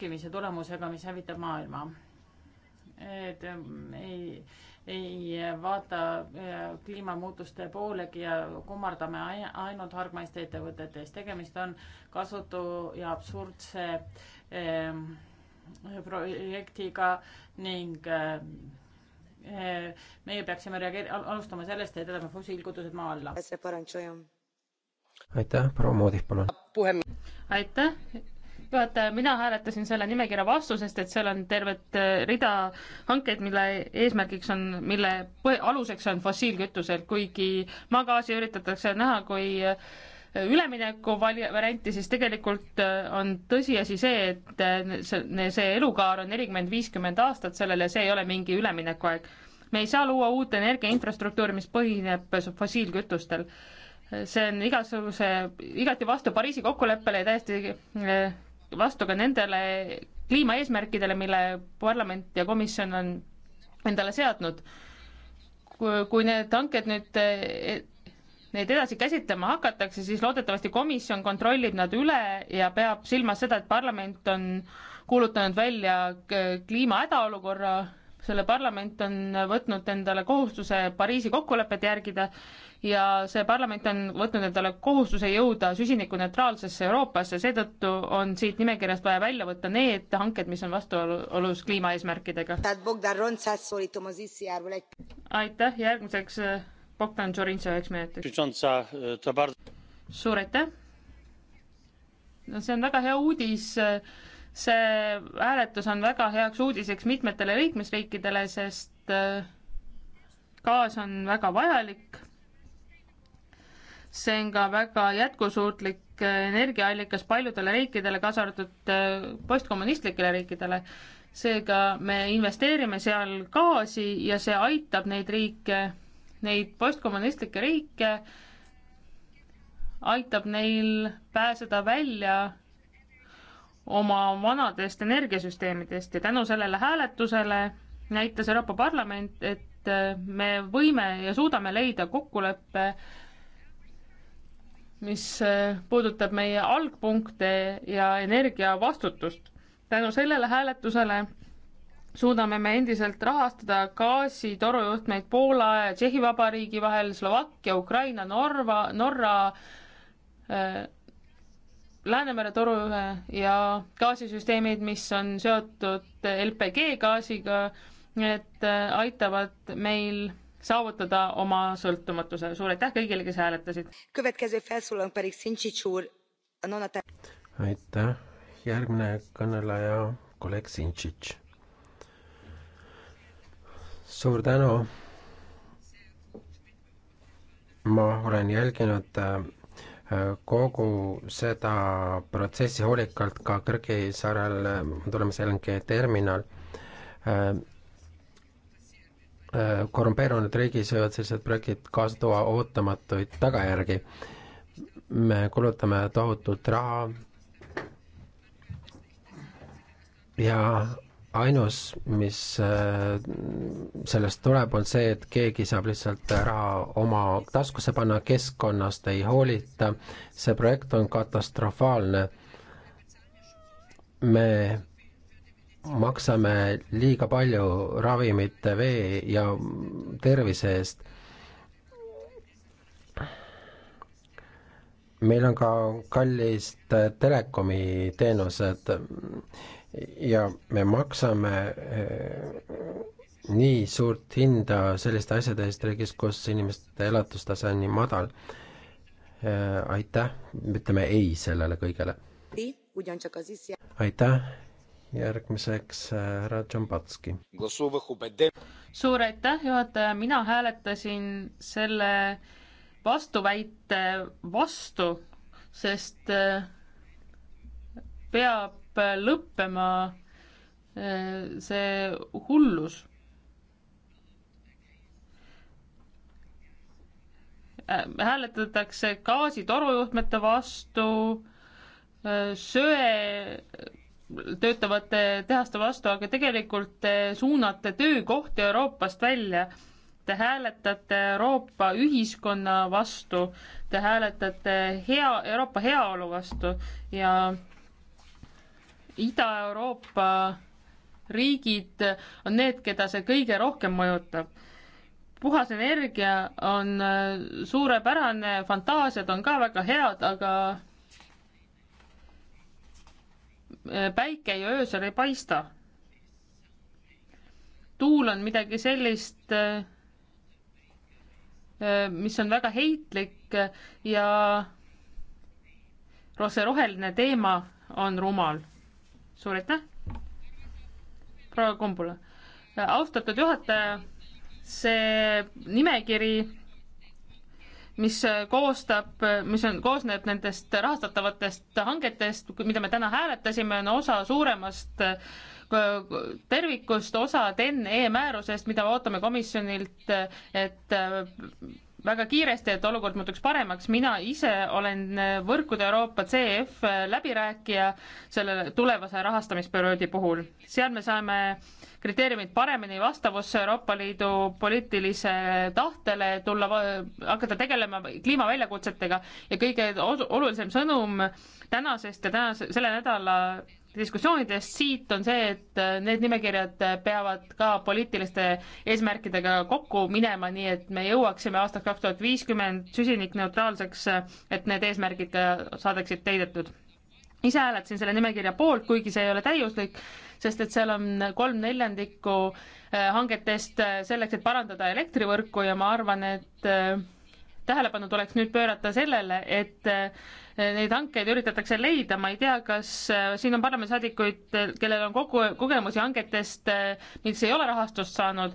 märkimise tulemusega, mis hävitab maailma. et ähm, ei, ei vaata äh, kliimamuutuste poolegi ja kummardame ainult hargmaiste ettevõtete ees. tegemist on kasutu ja absurdse ähm, projektiga ning äh, äh, meie peaksime reageerima, alustama sellest, et jätame fossiilkütused maa alla. aitäh, proua Moodih, palun. aitäh, juhataja, äh, mina hääletasin selle nimekirja vastu, sest et seal on tervet äh, rida hankeid, mille eesmärgiks on, mille aluseks on fossiilkütused, kuigi maagaasi üritatakse näha kui äh, ülemineku vali-, varianti, siis tegelikult on tõsiasi see, et see, see elukaar on nelikümmend, viiskümmend aastat sellele, see ei ole mingi üleminekuaeg. me ei saa luua uut energiainfrastruktuuri, mis põhineb fossiilkütustel see on igasuguse, igati vastu Pariisi kokkuleppele ja täiesti vastu ka nendele kliimaeesmärkidele, mille parlament ja komisjon on endale seadnud. kui need hanked nüüd, neid edasi käsitlema hakatakse, siis loodetavasti komisjon kontrollib nad üle ja peab silmas seda, et parlament on kuulutanud välja kliima hädaolukorra, selle parlament on võtnud endale kohustuse Pariisi kokkulepet järgida ja see parlament on võtnud endale kohustuse jõuda süsinikuneutraalsesse Euroopasse, seetõttu on siit nimekirjast vaja välja võtta need hanked, mis on vastuolus kliimaeesmärkidega. aitäh, järgmiseks äh, Bogdan Tšorintsev üheks minutiks. suur aitäh! no see on väga hea uudis äh, see hääletus on väga heaks uudiseks mitmetele liikmesriikidele, sest äh, gaas on väga vajalik see on ka väga jätkusuutlik äh, energiaallikas paljudele riikidele, kaasa arvatud äh, postkommunistlikele riikidele. seega me investeerime seal gaasi ja see aitab neid riike, neid postkommunistlikke riike, aitab neil pääseda välja oma vanadest energiasüsteemidest ja tänu sellele hääletusele näitas Euroopa Parlament, et äh, me võime ja suudame leida kokkuleppe mis äh, puudutab meie algpunkte ja energiavastutust. tänu sellele hääletusele suudame me endiselt rahastada gaasitorujuhtmeid Poola ja Tšehhi Vabariigi vahel, Slovakkia, Ukraina, Norra, Norra äh,, Läänemere torujuhe ja gaasisüsteemid, mis on seotud LPG gaasiga, need äh, aitavad meil saavutada oma sõltumatuse. suur aitäh kõigile, kes hääletasid. aitäh, järgmine kõneleja, kolleeg Sinčić. suur tänu. ma olen jälginud äh, kogu seda protsessi hoolikalt ka Kõrgi saarel tulemas LNG terminal äh, korrumpeerunud äh, riigis võivad sellised projektid kaasa tuua ootamatuid tagajärgi. me kulutame tohutut raha ja ainus, mis äh, sellest tuleb, on see, et keegi saab lihtsalt raha oma taskusse panna, keskkonnast ei hoolita, see projekt on katastrofaalne. me maksame liiga palju ravimite, vee ja tervise eest. meil on ka kallid telekomi teenused ja me maksame eh, nii suurt hinda selliste asjade eest riigis, kus inimeste elatustase on nii madal. Eh, aitäh, ütleme ei sellele kõigele. aitäh järgmiseks äh, härra Džambatski. suur aitäh, juhataja, mina hääletasin selle vastuväite vastu, sest äh, peab lõppema äh, see hullus. hääletatakse gaasitorujuhtmete vastu, söe töötavate tehaste vastu, aga tegelikult te suunate töökohti Euroopast välja. Te hääletate Euroopa ühiskonna vastu, te hääletate hea, Euroopa heaolu vastu ja Ida-Euroopa riigid on need, keda see kõige rohkem mõjutab. puhas energia on suurepärane, fantaasiad on ka väga head, aga Äh, päike ju öösel ei paista. tuul on midagi sellist, äh, äh, mis on väga heitlik ja see roheline teema on rumal. suur aitäh, proua Kumbula. austatud juhataja, see nimekiri mis äh, koostab, äh, mis on, koosneb nendest rahastatavatest hangetest, mida me täna hääletasime, on osa suuremast äh, tervikust, osa TEN-E määrusest, mida ootame komisjonilt, et väga kiiresti, et olukord muutuks paremaks, mina ise olen äh, Võrkude Euroopa CF äh, läbirääkija selle tulevase rahastamisperioodi puhul. seal me saame kriteeriumid paremini vastavusse Euroopa Liidu poliitilise tahtele tulla, hakata tegelema kliimaväljakutsetega ja kõige olulisem sõnum tänasest ja tänase, selle nädala diskussioonidest siit on see, et äh, need nimekirjad äh, peavad ka poliitiliste eesmärkidega kokku minema, nii et me jõuaksime aastaks kaks tuhat viiskümmend süsinikneutraalseks, äh, et need eesmärgid ka saadaksid täidetud. ise hääletasin selle nimekirja poolt, kuigi see ei ole täiuslik, sest et seal on kolm neljandikku hangetest selleks, et parandada elektrivõrku ja ma arvan, et tähelepanu tuleks nüüd pöörata sellele, et eh, neid hankeid üritatakse leida, ma ei tea, kas eh, siin on parlamendisaadikuid, kellel on kogu, kogemusi hangetest, eh, mis ei ole rahastust saanud,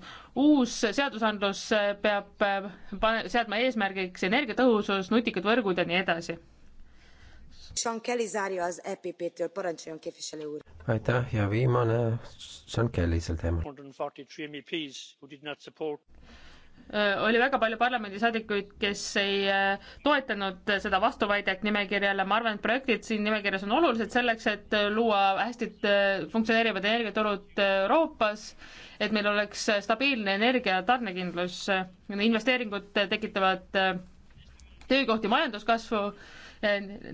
uus seadusandlus peab pane, seadma eesmärgiks energiatõhusus, nutikad võrgud ja nii edasi. E aitäh ja viimane, Sean Kelly sel teemal Äh, oli väga palju parlamendisaadikuid, kes ei äh, toetanud seda vastuväidet nimekirjale, ma arvan, et projektid siin nimekirjas on olulised selleks, et äh, luua hästi funktsioneerivad energiaturud Euroopas, et meil oleks stabiilne energia tarnekindlus, investeeringud tekitavad töökohti, majanduskasvu,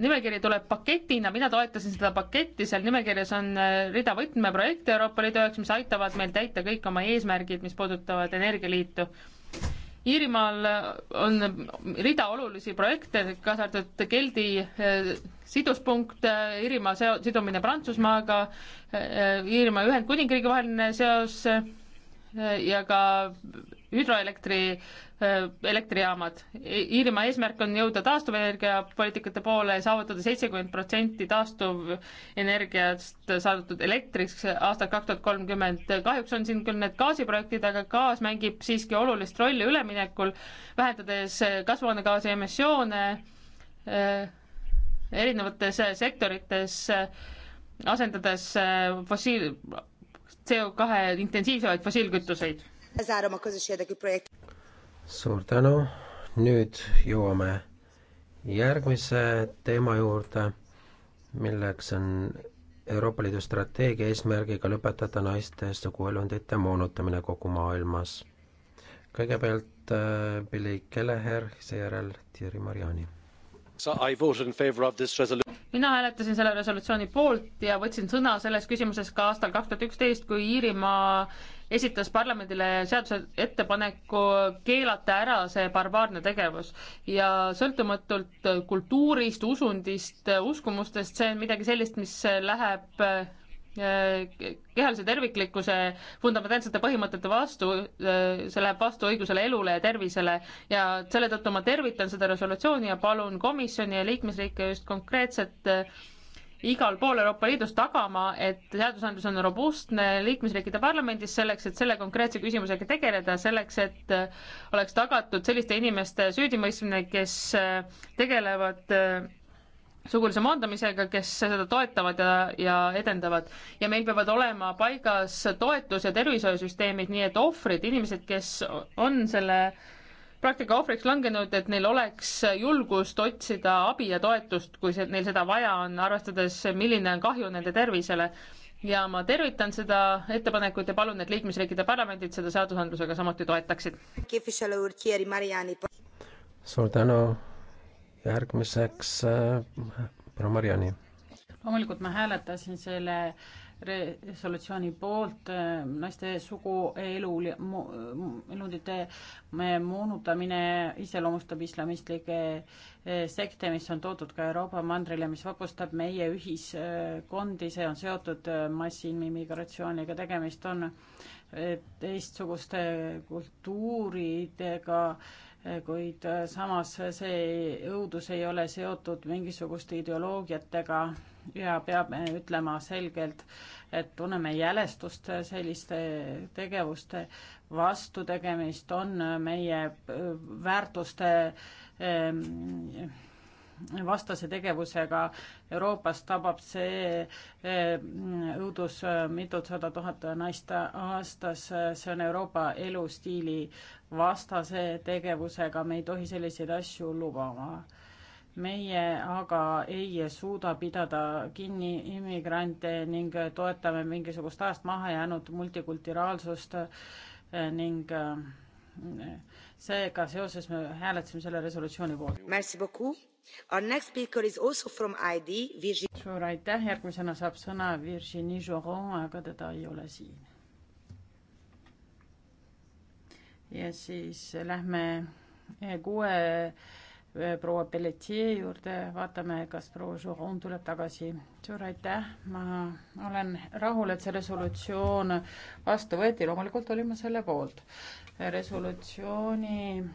nimekiri tuleb paketina, mina toetasin seda paketti, seal nimekirjas on rida võtmeprojekte Euroopa Liidu jaoks, mis aitavad meil täita kõik oma eesmärgid, mis puudutavad Energialiitu Iirimaal on rida olulisi projekte, kaasa arvatud Geldi eh, siduspunkt, eh, Iirimaa seo-, sidumine Prantsusmaaga, eh, Iirimaa ja Ühendkuningriigi vaheline seos ja ka hüdroelektri, äh, elektrijaamad. E, Iirimaa eesmärk on jõuda taastuvenergiapoliitikate poole ja saavutada seitsekümmend protsenti taastuvenergiast saadud elektriks aastal kaks tuhat kolmkümmend. kahjuks on siin küll need gaasiprojektid, aga gaas mängib siiski olulist rolli üleminekul, vähendades kasvuhoonegaasi emissioone äh, erinevates sektorites, asendades äh, fossiil, CO2 intensiivsemaid fossiilkütuseid suur tänu, nüüd jõuame järgmise teema juurde, milleks on Euroopa Liidu strateegia eesmärgiga lõpetada naiste suguelundite moonutamine kogu maailmas. kõigepealt äh, Billy Kelleher, seejärel Thierry Mariani. mina hääletasin selle resolutsiooni poolt ja võtsin sõna selles küsimuses ka aastal kaks tuhat üksteist, kui Iirimaa esitas parlamendile seaduse ettepaneku keelata ära see barbaarne tegevus ja sõltumatult kultuurist, usundist, uskumustest, see on midagi sellist, mis läheb eh, kehalise terviklikkuse fundamentaalsete põhimõtete vastu, eh, see läheb vastu õigusele elule ja tervisele ja selle tõttu ma tervitan seda resolutsiooni ja palun komisjoni ja liikmesriike just konkreetset eh, igal pool Euroopa Liidus tagama, et seadusandlus on robustne liikmesriikide parlamendis selleks, et selle konkreetse küsimusega tegeleda, selleks, et äh, oleks tagatud selliste inimeste süüdimõistmine, kes äh, tegelevad äh, sugulise maandamisega, kes seda toetavad ja, ja edendavad. ja meil peavad olema paigas toetus- ja tervishoiusüsteemid, nii et ohvrid, inimesed, kes on selle äh, praktika ohvriks langenud, et neil oleks julgust otsida abi ja toetust, kui see, neil seda vaja on, arvestades, milline on kahju nende tervisele. ja ma tervitan seda ettepanekut ja palun, et liikmesriikide parlamendid seda seadusandlusega samuti toetaksid. suur tänu, järgmiseks äh, proua Mariani. loomulikult ma hääletasin selle äh, resolutsiooni poolt äh, naiste suguelu elundite moonutamine iseloomustab islamistlikke äh, sekte, mis on toodud ka Euroopa mandrile, mis vapustab meie ühiskondi, see on seotud äh, massiimmigratsiooniga, tegemist on teistsuguste kultuuridega, kuid samas see õudus ei ole seotud mingisuguste ideoloogiatega ja peame ütlema selgelt, et tunneme jälestust selliste tegevuste vastu, tegemist on meie äh, väärtuste ähm, vastase tegevusega. Euroopas tabab see äh, õudus äh, mitutsada tuhat naist aastas, see on Euroopa elustiili vastase tegevusega, me ei tohi selliseid asju lubama meie aga ei suuda pidada kinni immigrante ning toetame mingisugust ajast mahajäänud multikulturaalsust eh, ning eh, seega seoses me hääletasime selle resolutsiooni poolt. suur aitäh, järgmisena saab sõna Virginie Jouron, aga teda ei ole siin. ja siis lähme eh, kuue Äh, proua Pelletier juurde, vaatame, kas proua Jouron tuleb tagasi. suur aitäh, ma olen rahul, et see resolutsioon vastu võeti, loomulikult olin ma selle poolt. resolutsiooni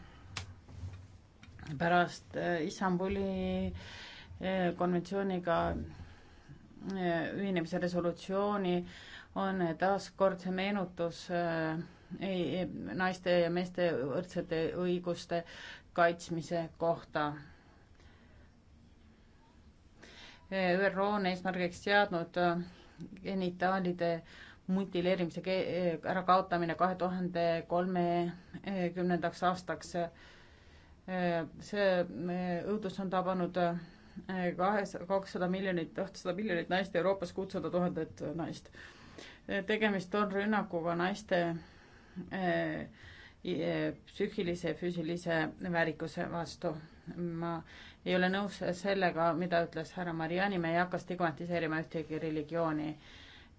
pärast äh, Istanbuli äh, konventsiooniga ühinemise resolutsiooni on taaskord see meenutus naiste ja meeste võrdsete õiguste kaitsmise kohta. ÜRO on eesmärgiks seadnud äh, genitaalide mutileerimise äh, ärakaotamine kahe tuhande kolmekümnendaks aastaks. Äh, see õudus on tabanud kahes-, kakssada miljonit, üheksasada miljonit naist Euroopas, kuutsada tuhandet naist. tegemist on rünnakuga naiste äh, psüühilise ja füüsilise väärikuse vastu. ma ei ole nõus sellega, mida ütles härra Mariani, me ei hakka stigmatiseerima ühtegi religiooni.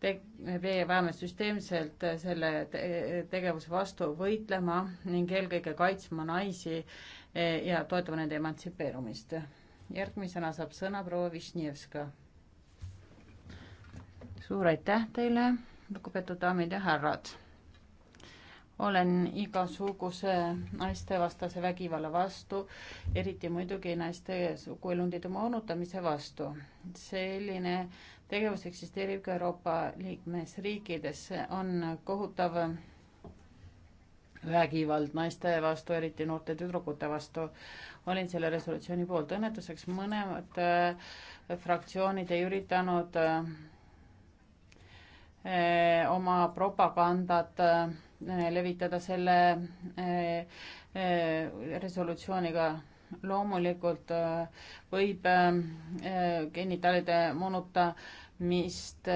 Te-, me peame süsteemselt selle te tegevuse vastu võitlema ning eelkõige kaitsma naisi e, ja toetama nende emantsipeerumist. järgmisena saab sõna proua Višnjevska. suur aitäh teile, lugupeetud daamid ja härrad olen igasuguse naistevastase vägivalla vastu, eriti muidugi naiste suguelundide moonutamise vastu. selline tegevus eksisteerib ka Euroopa liikmesriikides, on kohutav vägivald naiste vastu, eriti noorte tüdrukute vastu. olin selle resolutsiooni poolt, õnnetuseks mõlemad äh, fraktsioonid ei üritanud äh, oma propagandat äh, Äh, levitada selle äh, äh, resolutsiooniga. loomulikult võib genitaalide monutamist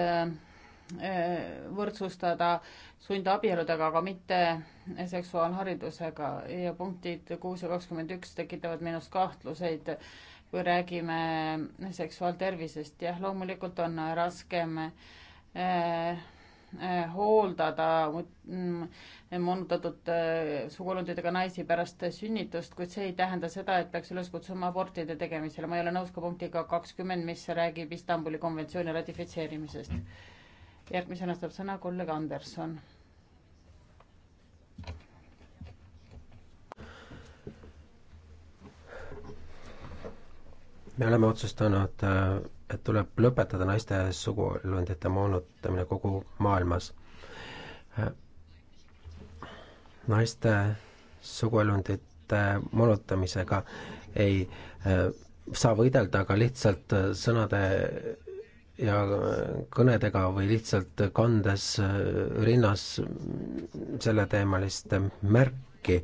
võrdsustada sundabieludega, aga mitte seksuaalharidusega ja punktid kuus ja kakskümmend üks tekitavad minus kahtluseid, kui räägime seksuaaltervisest. jah, loomulikult on raskem äh, Äh, hooldada mm, moonutatud äh, suguelunditega naisi pärast sünnitust, kuid see ei tähenda seda, et peaks üles kutsuma abortide tegemisele. ma ei ole nõus ka punktiga kakskümmend, mis räägib Istanbuli konventsiooni ratifitseerimisest. järgmisena saab sõna kolleeg Anderson. me oleme otsustanud äh et tuleb lõpetada naiste suguelundite moonutamine kogu maailmas. naiste suguelundite moonutamisega ei eh, saa võidelda ka lihtsalt sõnade ja kõnedega või lihtsalt kandes rinnas selleteemalist märki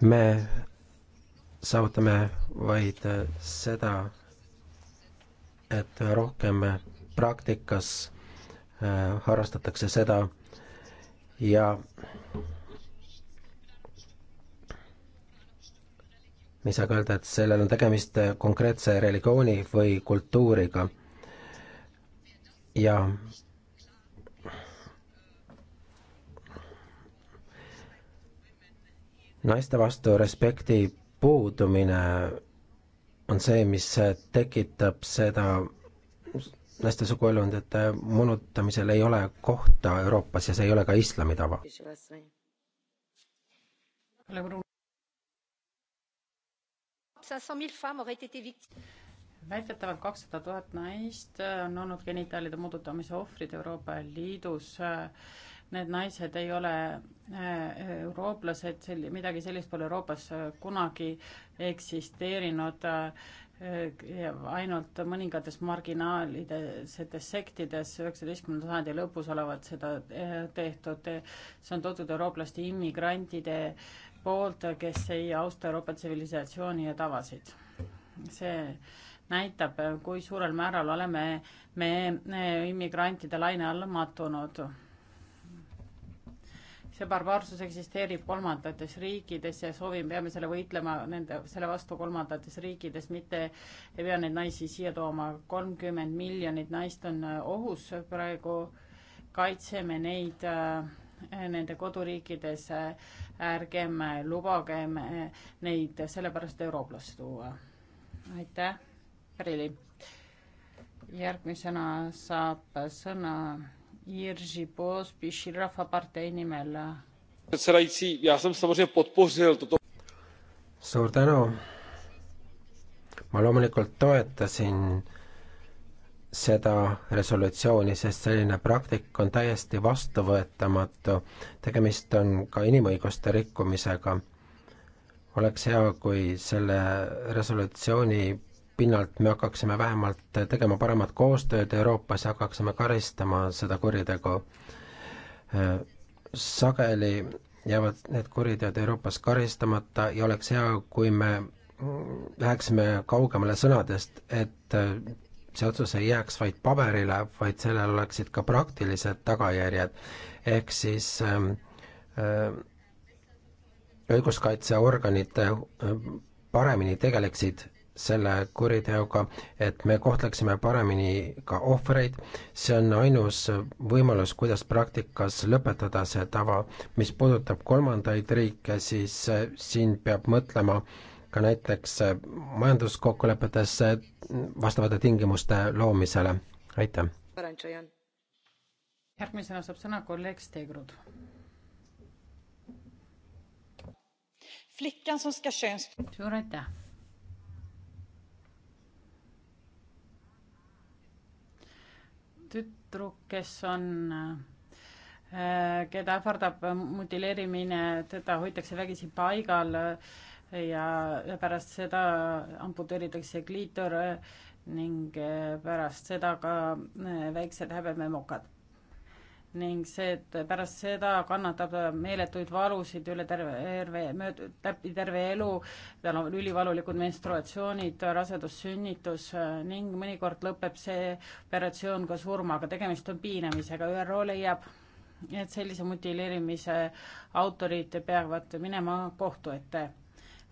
me saavutame vaid äh, seda, et rohkem praktikas äh, harrastatakse seda ja me ei saa ka öelda, et sellel on tegemist konkreetse religiooni või kultuuriga. ja naiste vastu respekti puudumine on see, mis tekitab seda, naiste suguelundite moonutamisel ei ole kohta Euroopas ja see ei ole ka islami tava. väidetavalt kakssada tuhat naist on olnud genitaalide muudutamise ohvrid Euroopa Liidus need naised ei ole äh, eurooplased, sel-, midagi sellist pole Euroopas äh, kunagi eksisteerinud, äh, ainult mõningates marginaalides sektides üheksateistkümnenda sajandi lõpus olevat seda tehtud, see on toodud eurooplaste immigrantide poolt, kes ei austa Euroopa tsivilisatsiooni ja tavasid. see näitab, kui suurel määral oleme me immigrantide laine alla mattunud see barbaarsus eksisteerib kolmandates riikides ja soovime, peame selle võitlema nende, selle vastu kolmandates riikides, mitte ei pea neid naisi siia tooma. kolmkümmend miljonit naist on äh, ohus praegu, kaitseme neid äh, nende koduriikides, äh, ärgem lubagem neid sellepärast eurooplasse tuua. aitäh, Rili. järgmisena saab sõna Jiří Pospíš, Rafa partei nimel. Předsedající, já jsem samozřejmě podpořil toto. suur tänu. ma loomulikult toetasin seda resolutsiooni, sest selline praktika on täiesti vastuvõetamatu. tegemist on ka inimõiguste rikkumisega. oleks hea, kui selle resolutsiooni pinnalt me hakkaksime vähemalt tegema paremat koostööd Euroopas ja hakkaksime karistama seda kuritegu. sageli jäävad need kuriteod Euroopas karistamata ja oleks hea, kui me läheksime kaugemale sõnadest, et see otsus ei jääks vaid paberile, vaid sellel oleksid ka praktilised tagajärjed. ehk siis ähm, ähm, õiguskaitseorganid äh, paremini tegeleksid selle kuriteoga, et me kohtleksime paremini ka ohvreid, see on ainus võimalus, kuidas praktikas lõpetada see tava. mis puudutab kolmandaid riike, siis eh, siin peab mõtlema ka näiteks eh, majanduskokkulepetes vastavate tingimuste loomisele, aitäh. järgmisena saab sõna kolleeg Stegrud. suur aitäh tüdruk, kes on, äh, keda ähvardab mutileerimine, teda hoitakse vägisi paigal äh, ja, ja pärast seda amputeeritakse kliitor äh, ning pärast seda ka väiksed häbememokad ning see, et pärast seda kannatab meeletuid valusid üle terve, terve, mööd-, läbi terve elu, tal on ülivalulikud menstruatsioonid, rasedussünnitus äh, ning mõnikord lõpeb see operatsioon ka surmaga, tegemist on piinamisega, ÜRO leiab, et sellise mutileerimise autorid peavad minema kohtu ette.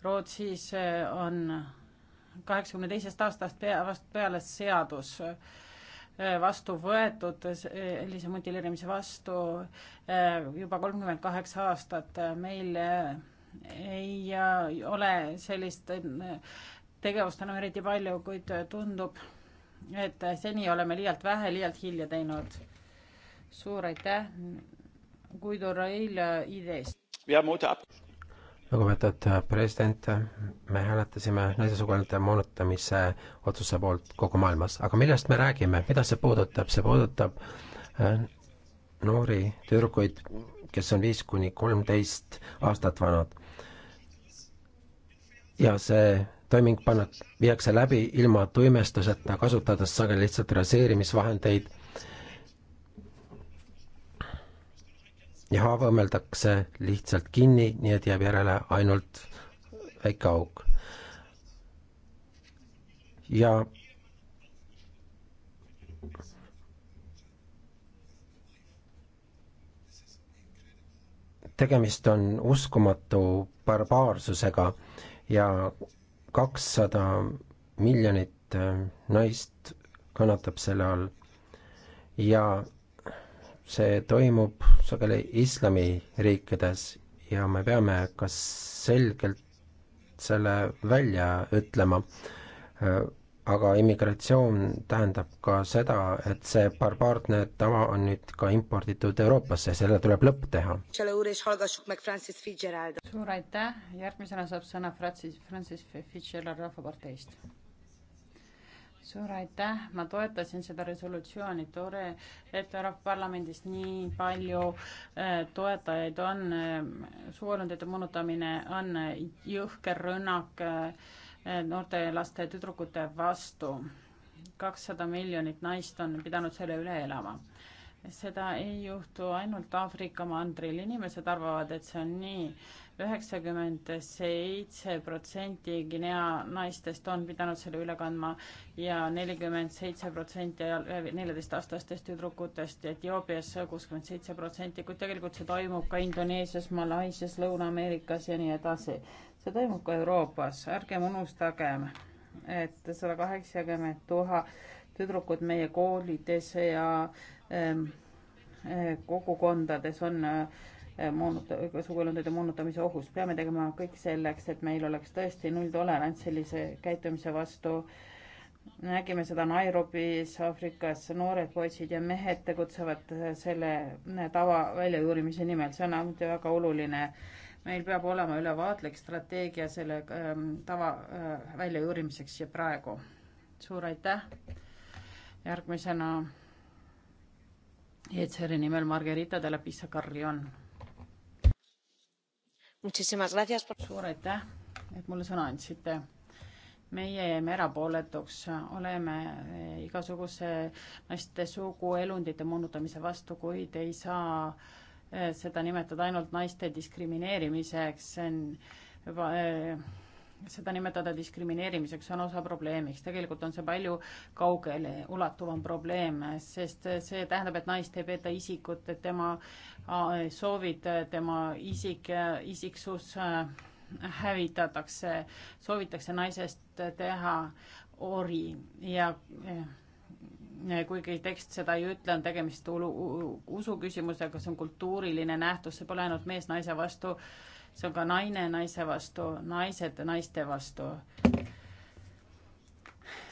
Rootsis äh, on kaheksakümne teisest aastast pea, vast peale seadus, Eh, vastu võetud sellise mutileerimise vastu eh, juba kolmkümmend kaheksa aastat. Eh, meil ei ole sellist tegevust enam eriti palju, kuid tundub, et seni oleme liialt vähe, liialt hilja teinud. suur aitäh, Guido Rail ID-st lugupeetud president, me hääletasime naisesugulaste moonutamise otsuse poolt kogu maailmas, aga millest me räägime, mida see puudutab, see puudutab äh, noori tüdrukuid, kes on viis kuni kolmteist aastat vanad. ja see toiming panna, viiakse läbi ilma tuimestuseta, kasutades sageli lihtsalt raseerimisvahendeid ja haava õmmeldakse lihtsalt kinni, nii et jääb järele ainult väike auk. ja tegemist on uskumatu barbaarsusega ja kakssada miljonit äh, naist kannatab selle all ja see toimub sageli islamiriikides ja me peame ka selgelt selle välja ütlema. aga immigratsioon tähendab ka seda, et see barbaarne tava on nüüd ka imporditud Euroopasse, sellele tuleb lõpp teha. suur aitäh, järgmisena saab sõna Francis, Francis Fitzgerald Rahvaparteist suur aitäh, ma toetasin seda resolutsiooni, tore, et Euroopa Parlamendis nii palju äh, toetajaid on äh,, suurendajate moonutamine on äh, jõhker rünnak äh, noorte laste ja tüdrukute vastu. kakssada miljonit naist on pidanud selle üle elama seda ei juhtu ainult Aafrika mandril, inimesed arvavad, et see on nii. üheksakümmend seitse protsenti Guinea naistest on pidanud selle üle kandma ja nelikümmend seitse protsenti äh, neljateistaastastest tüdrukutest Etioopias, kuuskümmend seitse protsenti, kuid tegelikult see toimub ka Indoneesias, Malaisias, Lõuna-Ameerikas ja nii edasi. see toimub ka Euroopas, ärgem unustagem, et sada kaheksakümmend tuhat tüdrukud meie koolides ja ähm, äh, kogukondades on äh, moonuta-, sugulundade moonutamise ohus. peame tegema kõik selleks, et meil oleks tõesti nulltolerants sellise käitumise vastu. nägime seda Nairobis, Aafrikas, noored poisid ja mehed tegutsevad selle äh, tava väljajuurimise nimel, see on samuti väga oluline. meil peab olema ülevaatlik strateegia selle ähm, tava äh, väljajuurimiseks ja praegu. suur aitäh! järgmisena ECR-i nimel Margarita de la Pisa Carrion. suur aitäh, et mulle sõna andsite meie jäime erapooletuks, oleme eh, igasuguse naiste suguelundite moonutamise vastu, kuid ei saa eh, seda nimetada ainult naiste diskrimineerimiseks, see on juba eh, seda nimetada diskrimineerimiseks on osa probleemiks, tegelikult on see palju kaugele ulatuvam probleem, sest see tähendab, et naist ei peeta isikut, et tema äh, soovid, äh, tema isik, äh, isiksus hävitatakse, soovitakse naisest teha ori ja kuigi tekst seda ei ütle, on tegemist usuküsimusega, see on kultuuriline nähtus, see pole ainult mees naise vastu äh, see on ka naine naise vastu, naised naiste vastu.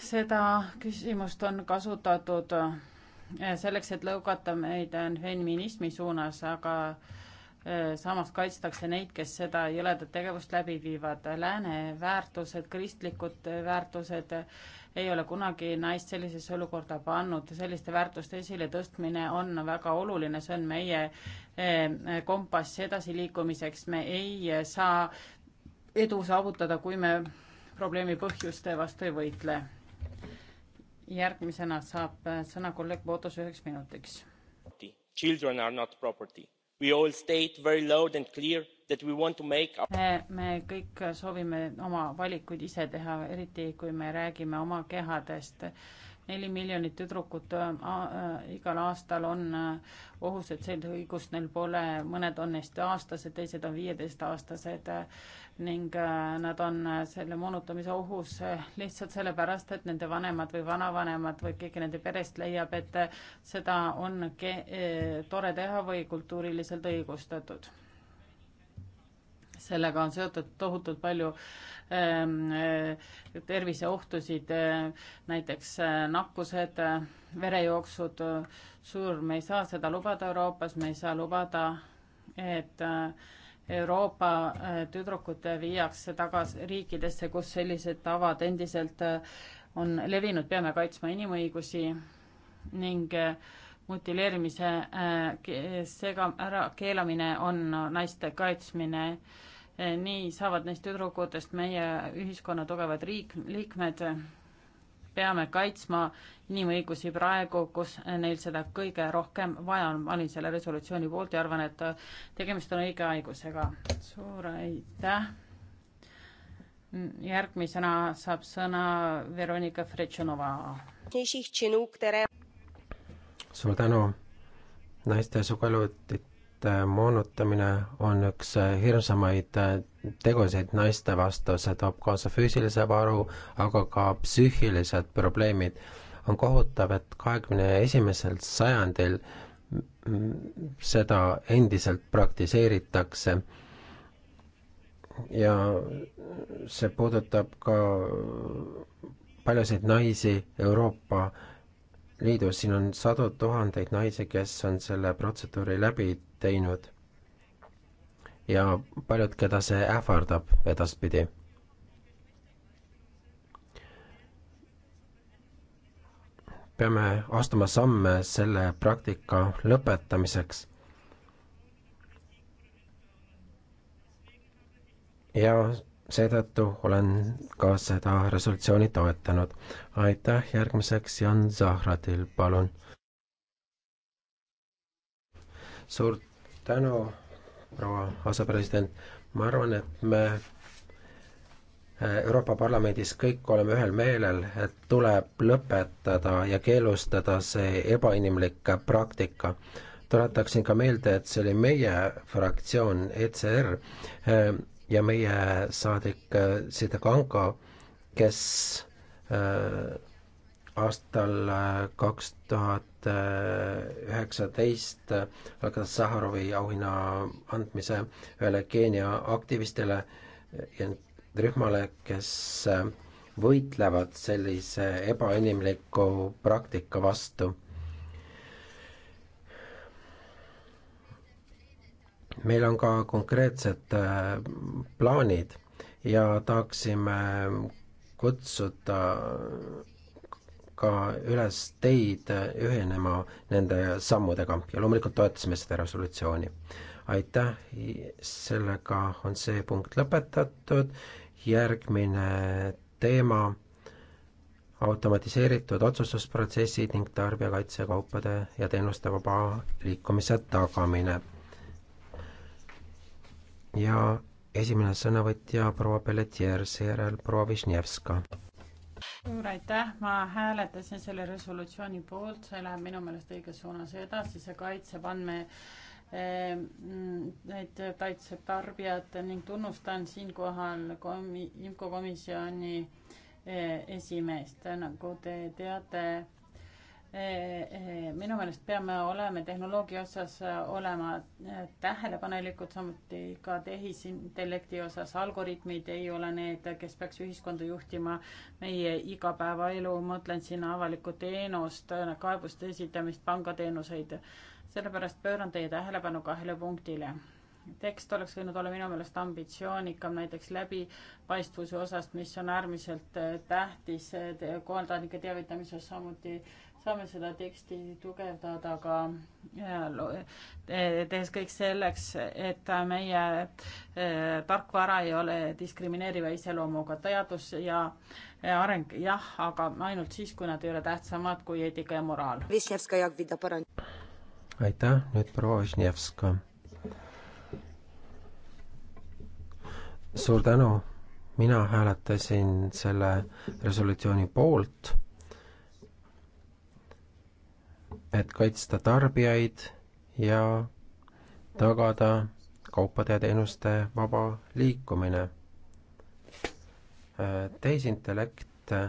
seda küsimust on kasutatud eh, selleks, et lõugata meid feminismi suunas, aga äh, samas kaitstakse neid, kes seda jõledat tegevust läbi viivad. Lääne väärtused, kristlikud väärtused ei ole kunagi naist sellisesse olukorda pannud. selliste väärtuste esiletõstmine on väga oluline, see on meie kompass edasiliikumiseks. me ei saa edu saavutada, kui me probleemi põhjuste vastu ei võitle. järgmisena saab äh, sõna kolleeg Votos üheks minutiks. Children are not property me, me kõik soovime oma valikuid ise teha, eriti kui me räägime oma kehadest. neli miljonit tüdrukut äh, äh igal aastal on äh, ohus, et sellist õigust neil pole, mõned on neist aastased, teised on viieteistaastased äh, ning äh, nad on äh, selle moonutamise ohus äh, lihtsalt sellepärast, et nende vanemad või vanavanemad või keegi nende perest leiab, et seda on tore teha või kultuuriliselt õigustatud. sellega on seotud tohutult palju ähm, terviseohtusid äh,, näiteks äh, nakkused äh,, verejooksud, surm, me ei saa seda lubada Euroopas, me ei saa lubada, et äh, Euroopa äh, tüdrukud viiakse tagasi riikidesse, kus sellised tavad endiselt äh, on levinud, peame kaitsma inimõigusi ning äh, mutileerimise sega, ärakeelamine on naiste kaitsmine. nii saavad neist tüdrukutest meie ühiskonna tugevad riik, liikmed peame kaitsma inimõigusi praegu, kus neil seda kõige rohkem vaja on. ma olin selle resolutsiooni poolt ja arvan, et tegemist on õige haigusega. suur aitäh. järgmisena saab sõna Veronika Fretšenova. suur tänu naiste suguelundit et äh, moonutamine on üks äh, hirmsamaid äh, tegusid naiste vastu, see toob kaasa füüsilise varu, aga ka psüühilised probleemid. on kohutav, et kahekümne esimesel sajandil mm, mm, seda endiselt praktiseeritakse. ja see puudutab ka paljusid naisi Euroopa Liidus, siin on sadu tuhandeid naisi, kes on selle protseduuri läbi teinud ja paljud, keda see ähvardab edaspidi. peame astuma samme selle praktika lõpetamiseks. ja seetõttu olen ka seda resolutsiooni toetanud. aitäh, järgmiseks Jan Zahradil, palun. suur tänu, proua asepresident. ma arvan, et me äh, Euroopa Parlamendis kõik oleme ühel meelel, et tuleb lõpetada ja keelustada see ebainimlik praktika. tuletaksin ka meelde, et see oli meie fraktsioon, ECR, äh, ja meie saadik äh, Sita Kanko, kes aastal kaks tuhat tuhat üheksateist algas Saharovi auhinna andmise ühele Keenia aktivistile ja rühmale, kes võitlevad sellise ebainimliku praktika vastu. meil on ka konkreetsed äh, plaanid ja tahaksime kutsuda ka üles teid ühinema nende sammudega ja loomulikult toetasime seda resolutsiooni. aitäh, sellega on see punkt lõpetatud, järgmine teema, automatiseeritud otsustusprotsessid ning tarbijakaitsekaupade ja teenuste vaba liikumise tagamine. ja esimene sõnavõtja proua Pelletier, seejärel proua Višnjevska suur aitäh, ma hääletasin selle resolutsiooni poolt, see läheb minu meelest õiges suunas edasi, see kaitseb andme ehm, neid kaitseb tarbijad ning tunnustan siinkohal komi-, infokomisjoni eh, esimeest, nagu te teate minu meelest peame olema tehnoloogia osas äh, olema äh, tähelepanelikud, samuti ka tehisintellekti osas, algoritmid ei ole need, kes peaks ühiskonda juhtima meie igapäevaelu, ma mõtlen siin avalikku teenust, äh, kaebuste esitamist, pangateenuseid. sellepärast pööran teie tähelepanu kahele punktile tekst oleks võinud olla minu meelest ambitsioonikam näiteks läbipaistvuse osast, mis on äärmiselt tähtis kohaldanike teavitamises, samuti äh, saame seda teksti tugevdada ka tehes kõik selleks, et meie eh, tarkvara ei ole diskrimineeriva iseloomuga. teadus ja areng jah, aga ainult siis, kui nad ei ole tähtsamad kui eetika ja moraal. aitäh, nüüd proua Ožnjevska. suur tänu, mina hääletasin selle resolutsiooni poolt et kaitsta tarbijaid ja tagada kaupade ja teenuste vaba liikumine. Äh, tehisintellekt äh,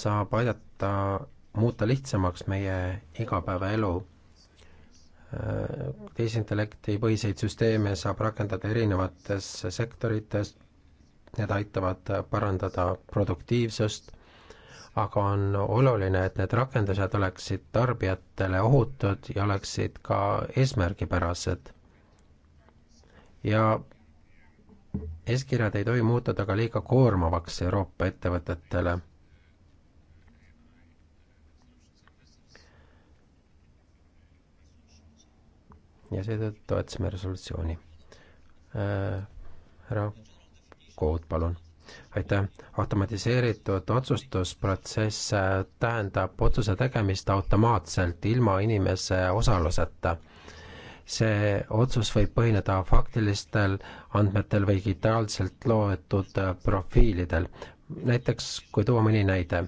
saab aidata muuta lihtsamaks meie igapäevaelu. Äh, tehisintellekti põhiseid süsteeme saab rakendada erinevates sektorites, need aitavad parandada produktiivsust aga on oluline, et need rakendused oleksid tarbijatele ohutud ja oleksid ka eesmärgipärased. ja eeskirjad ei tohi muutuda ka liiga koormavaks Euroopa ettevõtetele. ja seetõttu toetasime resolutsiooni. Äh, härra Kood, palun aitäh. automatiseeritud otsustusprotsess äh, tähendab otsuse tegemist automaatselt, ilma inimese osaluseta. see otsus võib põhineda faktilistel andmetel või digitaalselt loetud äh, profiilidel. näiteks, kui tuua mõni näide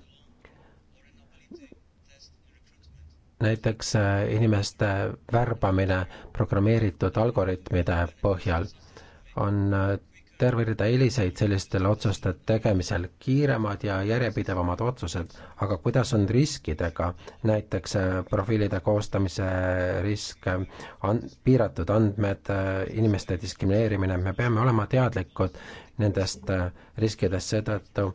näiteks äh, inimeste värbamine programmeeritud algoritmide põhjal on terve rida eeliseid sellistele otsuste tegemisel, kiiremad ja järjepidevamad otsused, aga kuidas on riskidega, näiteks äh, profiilide koostamise risk, an-, piiratud andmed, äh, inimeste diskrimineerimine, me peame olema teadlikud nendest äh, riskidest, seetõttu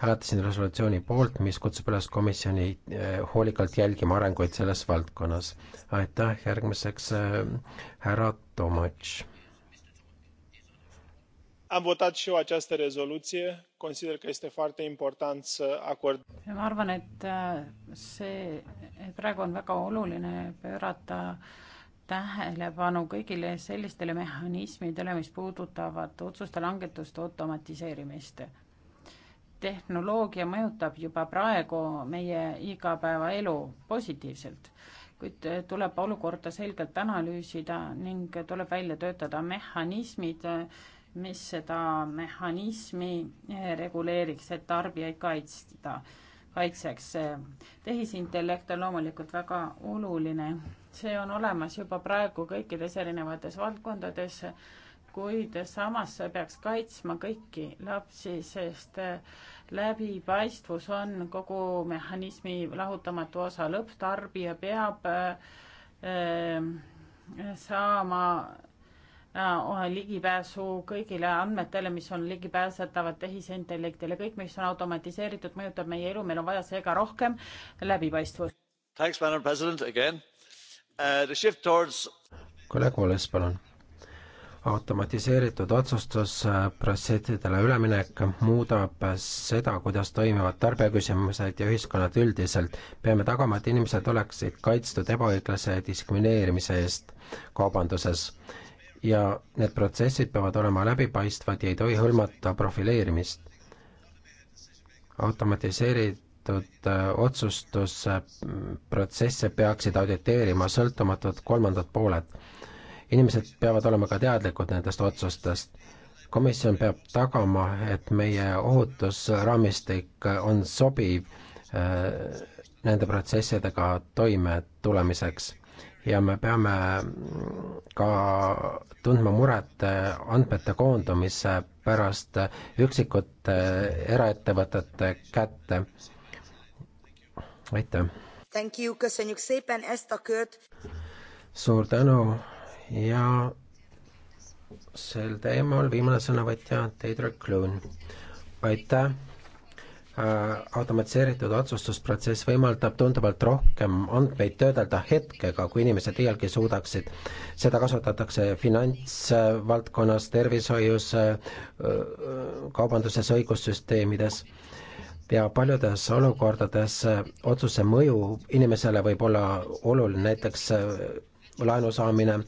hääletasin resolutsiooni poolt, mis kutsub üles komisjoni hoolikalt jälgima arenguid selles valdkonnas. aitäh, järgmiseks härra Tomatš am votat și eu această rezoluție. Consider că este foarte important să acordăm. ma arvan, et äh, see, praegu on väga oluline pöörata tähelepanu kõigile sellistele mehhanismidele, mis puudutavad otsuste langetust automatiseerimist. tehnoloogia mõjutab juba praegu meie igapäevaelu positiivselt kuid tuleb olukorda selgelt analüüsida ning tuleb välja töötada mehhanismid, mis seda mehhanismi eh, reguleeriks, et tarbijaid kaitsta, kaitseks. tehisintellekt on loomulikult väga oluline, see on olemas juba praegu kõikides erinevates valdkondades, kuid samas peaks kaitsma kõiki lapsi, sest eh, läbipaistvus on kogu mehhanismi lahutamatu osa, lõpptarbija peab äh, saama Ah, ligipääsu kõigile andmetele, mis on ligipääsetavad tehisintellektile, kõik, mis on automatiseeritud, mõjutab meie elu, meil on vaja seega rohkem läbipaistvust. Uh, kolleeg Wallis, palun automatiseeritud otsustusprotsessidele uh, üleminek muudab uh, seda, kuidas toimivad tarbijaküsimused ja ühiskonnad üldiselt. peame tagama, et inimesed oleksid kaitstud ebaõiglase diskrimineerimise eest kaubanduses ja need protsessid peavad olema läbipaistvad ja ei tohi hõlmata profileerimist. automatiseeritud äh, otsustusprotsesse peaksid auditeerima sõltumatud kolmandad pooled. inimesed peavad olema ka teadlikud nendest otsustest. komisjon peab tagama, et meie ohutusraamistik on sobiv äh, nende protsessidega toime tulemiseks ja me peame ka tundma muret andmete koondumise pärast üksikute eraettevõtete kätte. aitäh! suur tänu ja sel teemal viimane sõnavõtja, Teidrek Lund. aitäh! Äh, automatiseeritud otsustusprotsess võimaldab tunduvalt rohkem andmeid töödelda hetkega, kui inimesed iialgi suudaksid. seda kasutatakse finantsvaldkonnas, tervishoius, äh, äh, kaubanduses, õigussüsteemides ja paljudes olukordades otsuse mõju inimesele võib olla oluline, näiteks laenu saamine,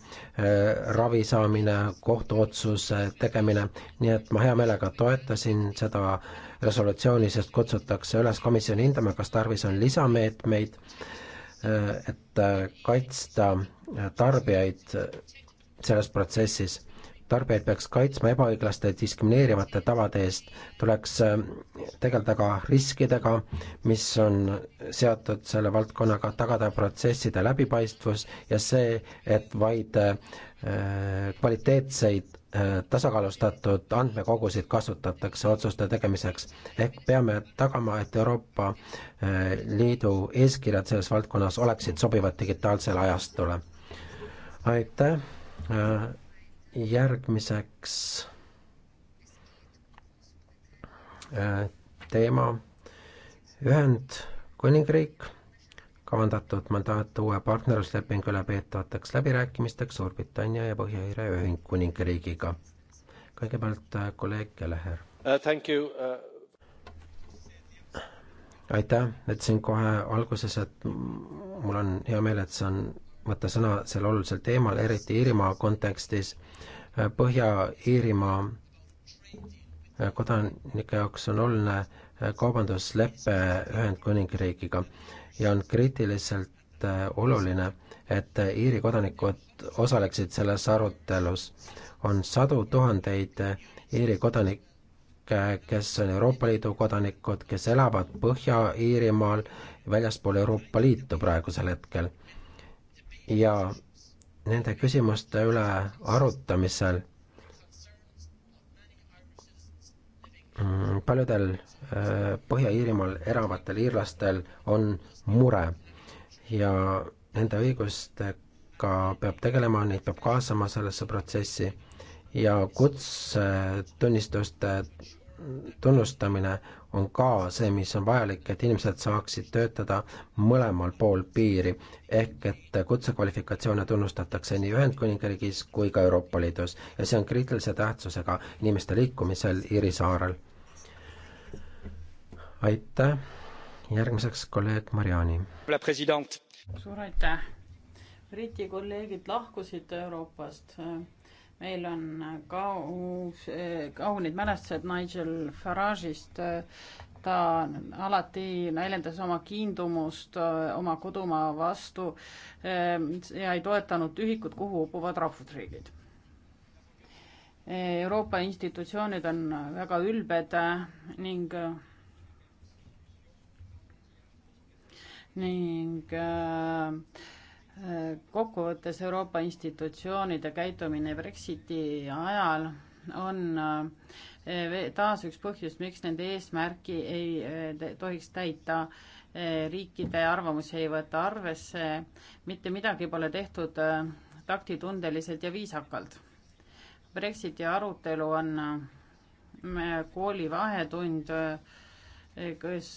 ravi saamine, kohtuotsuse tegemine, nii et ma hea meelega toetasin seda äh, resolutsiooni, sest kutsutakse üles komisjoni hindama, kas tarvis on lisameetmeid, äh, et äh, kaitsta äh, tarbijaid selles protsessis. tarbijaid peaks kaitsma ebaõiglaste diskrimineerivate tavade eest, tuleks tegeleda ka riskidega, mis on seotud selle valdkonnaga, tagada protsesside läbipaistvus ja see, et vaid kvaliteetseid Äh, tasakaalustatud andmekogusid kasutatakse otsuste tegemiseks. ehk peame tagama, et Euroopa äh, Liidu eeskirjad selles valdkonnas oleksid sobivad digitaalsele ajastule. aitäh, äh, järgmiseks teema Ühendkuningriik kavandatud mandaat uue partnerluslepingu üle peetavateks läbirääkimisteks Suurbritannia ja Põhja-Iiri Ühendkuningriigiga. kõigepealt äh, kolleeg Keleher uh,. Uh... aitäh, ütlesin kohe alguses, et mul on hea meel, et saan võtta sõna sel olulisel teemal, eriti Iirimaa kontekstis. Põhja-Iirimaa kodanike jaoks on oluline kaubanduslepe Ühendkuningriigiga ja on kriitiliselt äh, oluline, et äh, Iiri kodanikud osaleksid selles arutelus. on sadu tuhandeid äh, Iiri kodanikke, kes on Euroopa Liidu kodanikud, kes elavad Põhja-Iirimaal väljaspool Euroopa Liitu praegusel hetkel. ja nende küsimuste üle arutamisel Mm, paljudel äh, Põhja-Iirimaal elavatel iirlastel on mure ja nende õigustega peab tegelema, neid peab kaasama sellesse protsessi ja kutsetunnistuste tunnustamine on ka see, mis on vajalik, et inimesed saaksid töötada mõlemal pool piiri. ehk et kutsekvalifikatsioone tunnustatakse nii Ühendkuningriigis kui ka Euroopa Liidus ja see on kriitilise tähtsusega inimeste liikumisel Iiri saarel aitäh, järgmiseks kolleeg Mariani. suur aitäh. Briti kolleegid lahkusid Euroopast. meil on kaus, kaunid mälestused Nigel Farage'ist. ta alati väljendas oma kiindumust oma kodumaa vastu ja ei toetanud ühikut, kuhu upuvad rahvusriigid Euroopa institutsioonid on väga ülbed ning ning äh, äh, kokkuvõttes Euroopa institutsioonide käitumine Brexiti ajal on äh, taas üks põhjus, miks nende eesmärki ei tohiks täita. riikide arvamusi ei võeta arvesse, mitte midagi pole tehtud taktitundeliselt ja viisakalt. Brexiti arutelu on kooli vahetund, kus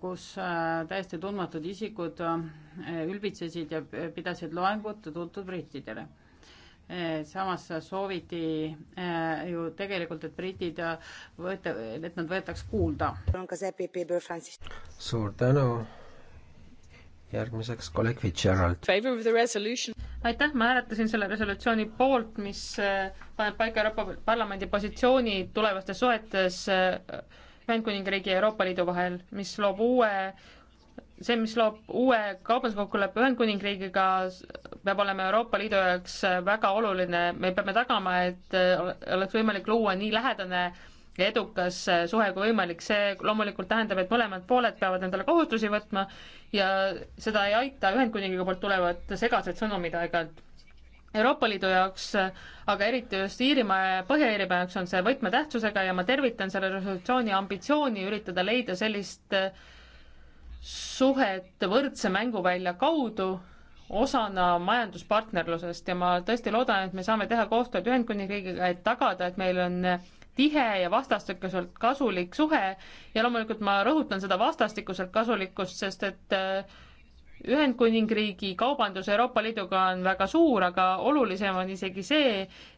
kus äh, täiesti tundmatud isikud äh, ülbitsesid ja pidasid loengut tuntud brittidele. Äh, samas sooviti ju tegelikult, et britid võeta, et nad võetaks kuulda. suur tänu. järgmiseks kolleeg Fitzgerald. aitäh, ma hääletasin selle resolutsiooni poolt, mis paneb paika Euroopa Parlamendi positsiooni tulevastes suhetes Ühendkuningriigi ja Euroopa Liidu vahel, mis loob uue see, mis loob uue kaubanduskokkuleppe Ühendkuningriigiga, peab olema Euroopa Liidu jaoks väga oluline, me peame tagama, et äh, oleks võimalik luua nii lähedane ja edukas äh, suhe kui võimalik, see loomulikult tähendab, et mõlemad pooled peavad endale kohustusi võtma ja seda ei aita Ühendkuningriigi poolt tulevad segased sõnumid aeg-ajalt. Euroopa Liidu jaoks, aga eriti just Iirimaa ja Põhja-Iirimaa jaoks on see võtmetähtsusega ja ma tervitan selle resolutsiooni ambitsiooni üritada leida sellist suhet võrdse mänguvälja kaudu osana majanduspartnerlusest ja ma tõesti loodan, et me saame teha koostööd Ühendkuningriigiga, et tagada, et meil on tihe ja vastastikuselt kasulik suhe ja loomulikult ma rõhutan seda vastastikuselt kasulikkust, sest et äh, Ühendkuningriigi kaubandus Euroopa Liiduga on väga suur, aga olulisem on isegi see,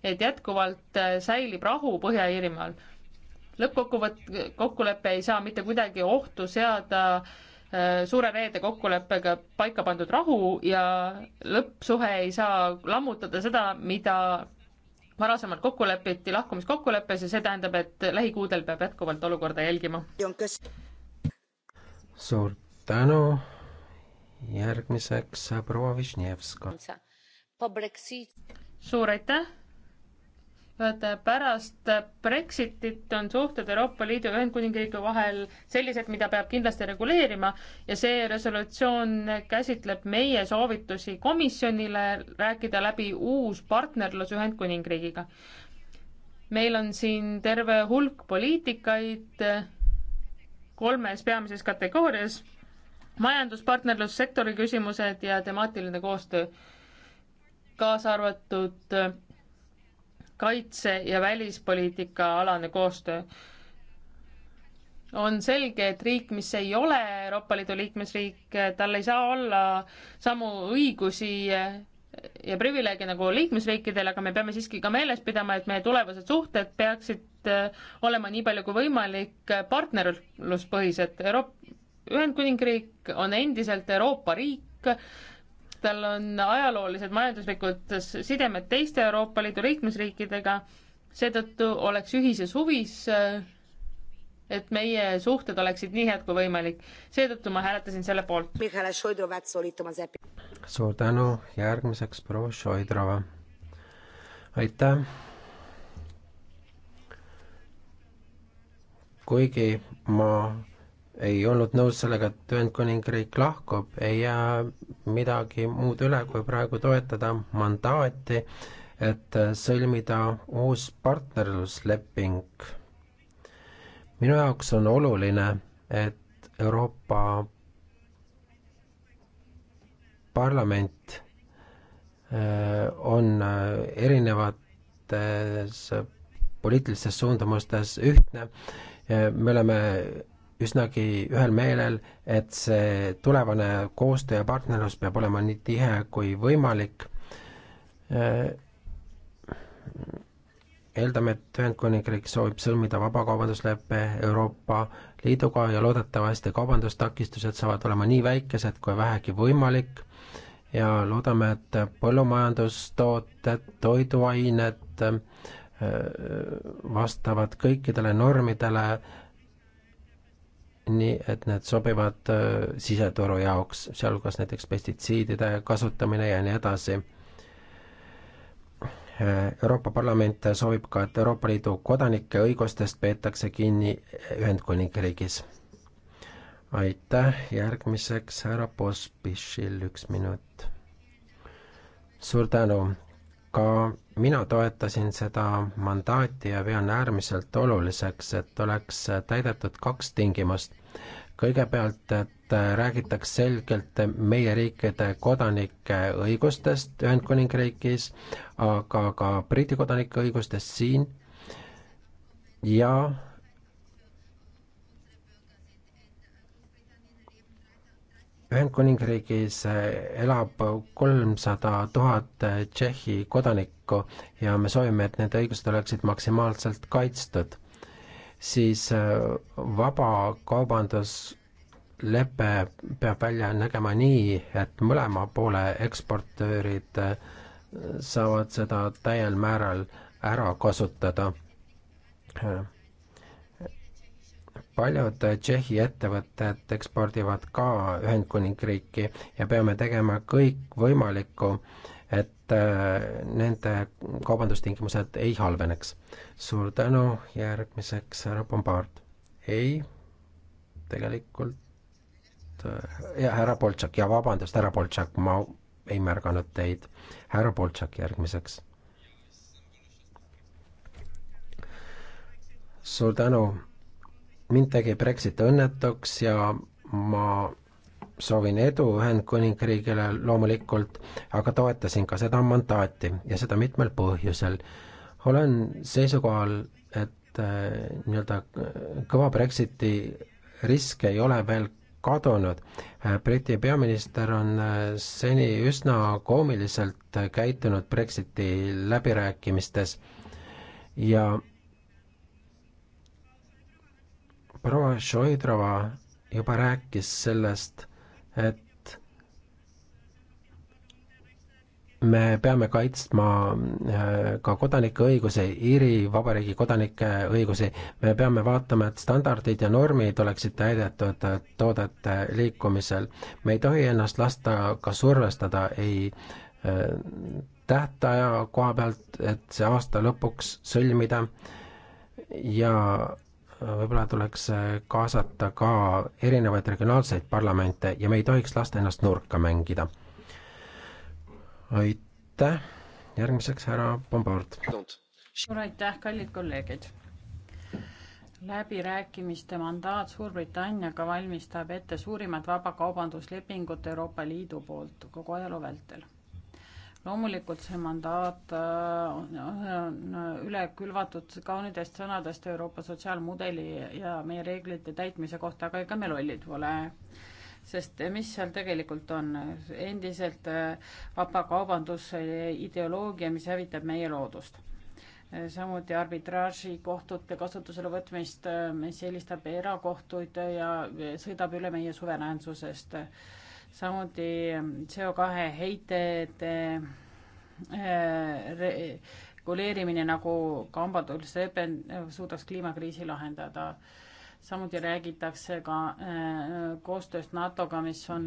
et jätkuvalt äh, säilib rahu Põhja-Iirimaal. lõppkokkuvõtt, kokkulepe ei saa mitte kuidagi ohtu seada äh, suure reede kokkuleppega paika pandud rahu ja lõppsuhe ei saa lammutada seda, mida varasemalt kokku lepiti lahkumiskokkuleppes ja see tähendab, et lähikuudel peab jätkuvalt olukorda jälgima. suur tänu järgmiseks proua Višnevska. suur aitäh! vaata, pärast Brexitit on suhted Euroopa Liidu ja Ühendkuningriigi vahel sellised, mida peab kindlasti reguleerima ja see resolutsioon käsitleb meie soovitusi komisjonile rääkida läbi uus partnerlus Ühendkuningriigiga. meil on siin terve hulk poliitikaid kolmes peamises kategoorias majanduspartnerlus, sektori küsimused ja temaatiline koostöö, kaasa arvatud äh, kaitse- ja välispoliitika alane koostöö. on selge, et riik, mis ei ole Euroopa Liidu liikmesriik, äh, tal ei saa olla samu õigusi äh, ja privileege nagu liikmesriikidel, aga me peame siiski ka meeles pidama, et meie tulevased suhted peaksid olema nii palju kui võimalik partnerluspõhised. Euroop-, Ühendkuningriik on endiselt Euroopa riik, tal on ajaloolised majanduslikud sidemed teiste Euroopa Liidu liikmesriikidega, seetõttu oleks ühises huvis, et meie suhted oleksid nii head kui võimalik. seetõttu ma hääletasin selle poolt. E suur tänu, järgmiseks proua Šoidrova. aitäh. kuigi ma ei olnud nõus sellega, et Ühendkuningriik lahkub, ei jää midagi muud üle, kui praegu toetada mandaati, et sõlmida uus partnerlusleping. minu jaoks on oluline, et Euroopa Parlament äh, on äh, erinevates poliitilistes suundumustes ühtne, äh, me oleme üsnagi ühel meelel, et see tulevane koostöö ja partnerlus peab olema nii tihe kui võimalik. Äh, eeldame, et Ühendkuningriik soovib sõlmida vabakaubandusleppe Euroopa Liiduga ja loodetavasti kaubandustakistused saavad olema nii väikesed kui vähegi võimalik ja loodame, et põllumajandustooted, toiduained äh, vastavad kõikidele normidele äh, nii, et need sobivad äh, siseturu jaoks, sealhulgas näiteks pestitsiidide kasutamine ja nii edasi. Äh, Euroopa Parlament soovib ka, et Euroopa Liidu kodanike õigustest peetakse kinni Ühendkuningriigis. aitäh, järgmiseks härra Pospišil üks minut. suur tänu, ka mina toetasin seda mandaati ja pean äärmiselt oluliseks, et oleks täidetud kaks tingimust. kõigepealt, et räägitaks selgelt meie riikide kodanike õigustest Ühendkuningriigis, aga ka Briti kodanike õigustest siin ja Ühendkuningriigis elab kolmsada tuhat Tšehhi kodanikku, Marokko ja me soovime, et need õigused oleksid maksimaalselt kaitstud, siis äh, vabakaubanduslepe peab välja nägema nii, et mõlema poole eksportöörid äh, saavad seda täiel määral ära kasutada. paljud Tšehhi ettevõtted ekspordivad ka Ühendkuningriiki ja peame tegema kõik võimalikku äh, et äh, nende kaubandustingimused ei halveneks. suur tänu, järgmiseks härra Bombard. ei, tegelikult äh, ja härra Boltšak, ja vabandust, härra Boltšak, ma ei märganud teid. härra Boltšak järgmiseks. suur tänu. mind tegi Brexit õnnetuks ja ma soovin edu Ühendkuningriigile loomulikult, aga toetasin ka seda mandaati ja seda mitmel põhjusel. olen seisukohal, et äh, nii-öelda äh, kõva Brexiti risk ei ole veel kadunud. Äh, Briti peaminister on äh, seni üsna koomiliselt käitunud Brexiti läbirääkimistes ja proua Šoidrova juba rääkis sellest et me peame kaitsma äh, ka kodanike õigusi, Iiri Vabariigi kodanike õigusi. me peame vaatama, et standardid ja normid oleksid täidetud äh, toodete liikumisel. me ei tohi ennast lasta ka survestada ei äh, tähtaja koha pealt, et see aasta lõpuks sõlmida ja võib-olla tuleks äh, kaasata ka erinevaid regionaalseid parlamente ja me ei tohiks lasta ennast nurka mängida. aitäh, järgmiseks härra Bombard. suur aitäh, kallid kolleegid. läbirääkimiste mandaat Suurbritanniaga valmistab ette suurimat vabakaubanduslepingut Euroopa Liidu poolt kogu ajaloo vältel loomulikult see mandaat äh, on äh, üle külvatud kaunidest sõnadest Euroopa sotsiaalmudeli ja meie reeglite täitmise kohta, aga ega me lollid pole. sest mis seal tegelikult on, endiselt äh, vabakaubanduse ideoloogia, mis hävitab meie loodust samuti arbitraaži kohtute kasutusele võtmist, mis eelistab erakohtuid ja sõidab üle meie suveräänsusest samuti ähm, CO2 heitede äh, reguleerimine nagu kaubanduslepe äh, suudaks kliimakriisi lahendada. samuti räägitakse ka äh, koostööst NATO-ga, mis on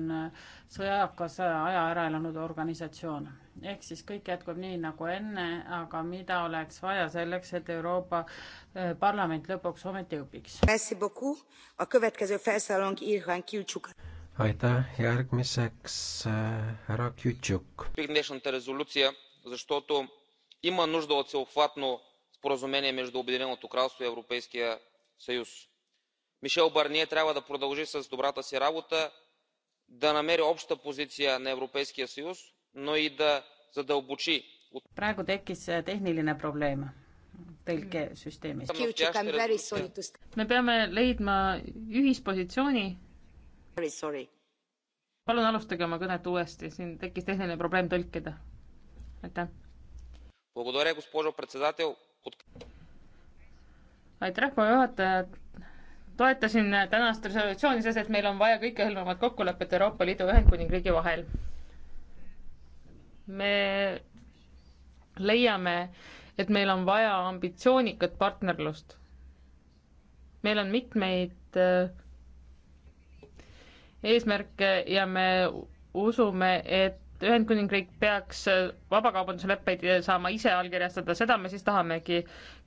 sõjakas aja ära elanud organisatsioon. ehk siis kõik jätkub nii nagu enne, aga mida oleks vaja selleks, et Euroopa Parlament lõpuks ometi õpiks? aitäh, järgmiseks äh, härra Kütšuk. Има нужда от всеобхватно споразумение между Обединеното кралство и Европейския съюз. Мишел Барние трябва да продължи с добрата си работа, да намери обща позиция на Европейския съюз, но и да задълбочи. Praegu tekkis äh, tehniline probleem tõlkesüsteemis. me peame leidma ühispositsiooni palun alustage oma kõnet uuesti, siin tekkis tehniline probleem tõlkida. aitäh. aitäh, proua juhataja. toetasin tänast resolutsiooni selles, et meil on vaja kõikehõlmavat kokkulepet Euroopa Liidu ja Ühendkuningriigi vahel. me leiame, et meil on vaja ambitsioonikat partnerlust. meil on mitmeid äh, eesmärke ja me usume, et Ühendkuningriik peaks vabakaubandusleppeid saama ise allkirjastada, seda me siis tahamegi.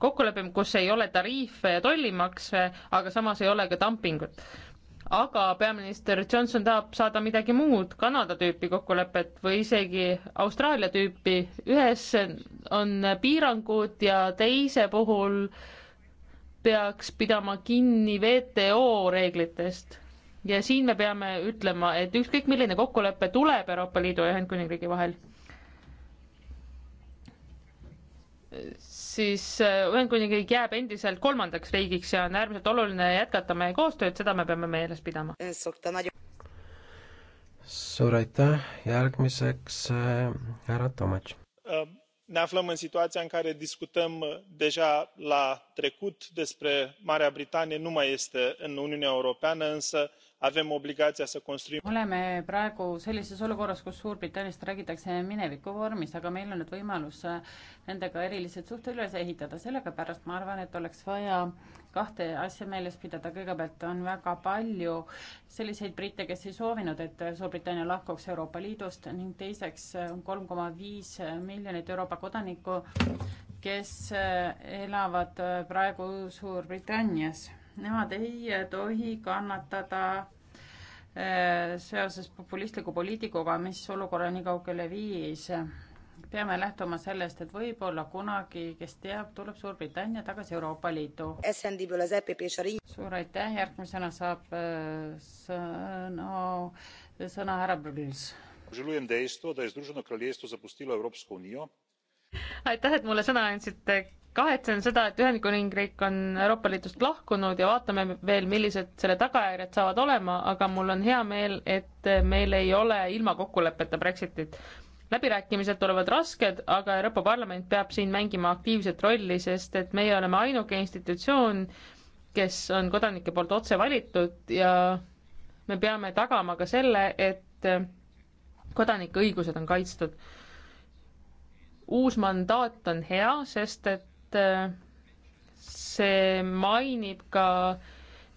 kokkulepe, kus ei ole tariife ja tollimakse, aga samas ei ole ka dumpingut. aga peaminister Johnson tahab saada midagi muud, Kanada tüüpi kokkulepet või isegi Austraalia tüüpi, ühes on piirangud ja teise puhul peaks pidama kinni WTO reeglitest ja siin me peame ütlema, et ükskõik milline kokkulepe tuleb Euroopa Liidu ja Ühendkuningriigi vahel, siis äh, Ühendkuningriik jääb endiselt kolmandaks riigiks ja on äärmiselt oluline jätkata meie koostööd, seda me peame meeles pidama. suur aitäh, järgmiseks äh, härra Tomatš. Äh, ne aflăm în situația în care discutăm deja la trecut despre Marea Britanie, nu mai este în Uniunea Europeană, însă oleme praegu sellises olukorras, kus Suurbritanniast räägitakse mineviku vormis, aga meil on nüüd võimalus nendega erilised suhted üles ehitada, sellepärast ma arvan, et oleks vaja kahte asja meeles pidada, kõigepealt on väga palju selliseid britte, kes ei soovinud, et Suurbritannia lahkuks Euroopa Liidust ning teiseks kolm koma viis miljonit Euroopa kodanikku, kes eh, elavad praegu Suurbritannias nemad ei eh, tohi kannatada eh, seoses populistliku poliitikuga, mis olukorra nii kaugele viis. peame lähtuma sellest, et võib-olla kunagi, kes teab, tuleb Suurbritannia tagasi Euroopa Liitu. E suur aitäh, järgmisena saab eh, sõna no,, sõna härra Brüls. aitäh, et mulle sõna andsite kahetsen seda, et Ühendkuningriik on Euroopa Liidust lahkunud ja vaatame veel, millised selle tagajärjed saavad olema, aga mul on hea meel, et meil ei ole ilma kokkuleppeta Brexitit. läbirääkimised tulevad rasked, aga Euroopa Parlament peab siin mängima aktiivset rolli, sest et meie oleme ainuke institutsioon, kes on kodanike poolt otse valitud ja me peame tagama ka selle, et kodanike õigused on kaitstud uus mandaat on hea, sest et et äh, see mainib ka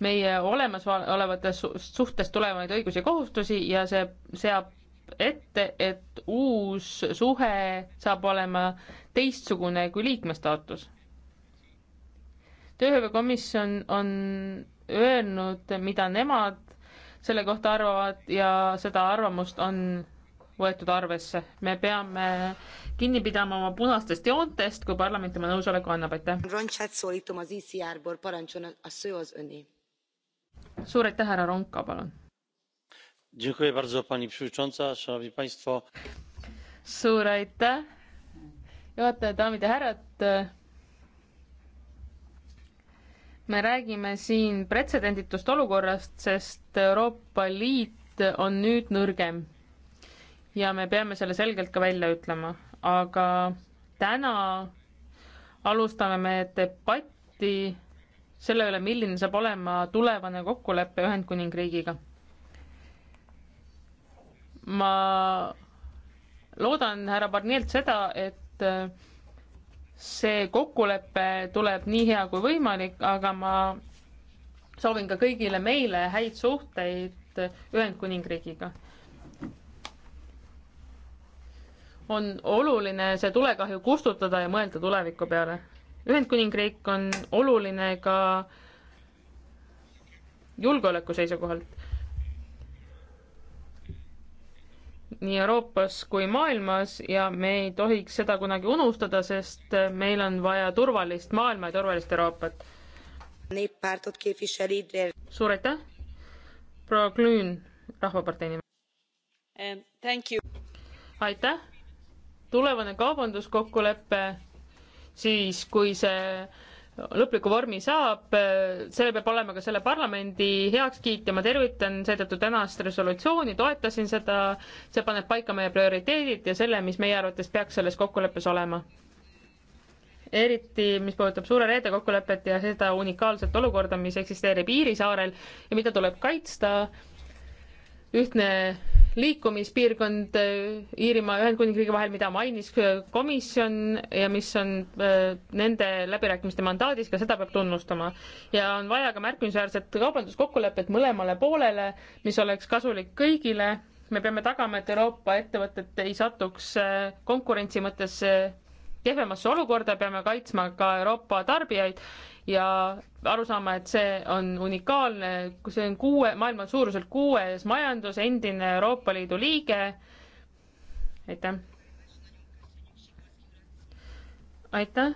meie olemasolevatest suhtest tulevaid õigusi ja kohustusi ja see seab ette, et uus suhe saab olema teistsugune kui liikmestaatus. tööhõivekomisjon on öelnud, mida nemad selle kohta arvavad ja seda arvamust on võetud arvesse. me peame kinni pidama oma punastest joontest, kui parlament oma nõusoleku annab, aitäh. suur aitäh, härra Ronka, palun. suur aitäh, juhataja, daamid ja härrad. me räägime siin pretsedenditust olukorrast, sest Euroopa Liit on nüüd nõrgem ja me peame selle selgelt ka välja ütlema, aga täna alustame me debatti selle üle, milline saab olema tulevane kokkulepe Ühendkuningriigiga. ma loodan härra Barnielt seda, et see kokkulepe tuleb nii hea kui võimalik, aga ma soovin ka kõigile meile häid suhteid Ühendkuningriigiga on oluline see tulekahju kustutada ja mõelda tuleviku peale. Ühendkuningriik on oluline ka julgeoleku seisukohalt. nii Euroopas kui maailmas ja me ei tohiks seda kunagi unustada, sest meil on vaja turvalist maailma ja turvalist Euroopat. suur aitäh, proua Klüün Rahvapartei nimel. Um, aitäh tulevane kaubanduskokkulepe, siis kui see lõpliku vormi saab, selle peab olema ka selle parlamendi heakskiit ja ma tervitan seetõttu tänast resolutsiooni, toetasin seda, see paneb paika meie prioriteedid ja selle, mis meie arvates peaks selles kokkuleppes olema. eriti, mis puudutab Suure Reede kokkulepet ja seda unikaalset olukorda, mis eksisteerib Iiri saarel ja mida tuleb kaitsta, ühtne liikumispiirkond äh, Iirimaa ja Ühendkuningriigi vahel, mida mainis komisjon ja mis on äh, nende läbirääkimiste mandaadis, ka seda peab tunnustama. ja on vaja ka märkimisväärset kaubanduskokkulepet mõlemale poolele, mis oleks kasulik kõigile. me peame tagama, et Euroopa ettevõtted ei satuks äh, konkurentsi mõttes kehvemasse olukorda, peame kaitsma ka Euroopa tarbijaid ja aru saama, et see on unikaalne, kui see on kuue, maailma suuruselt kuues majandus, endine Euroopa Liidu liige. aitäh. aitäh.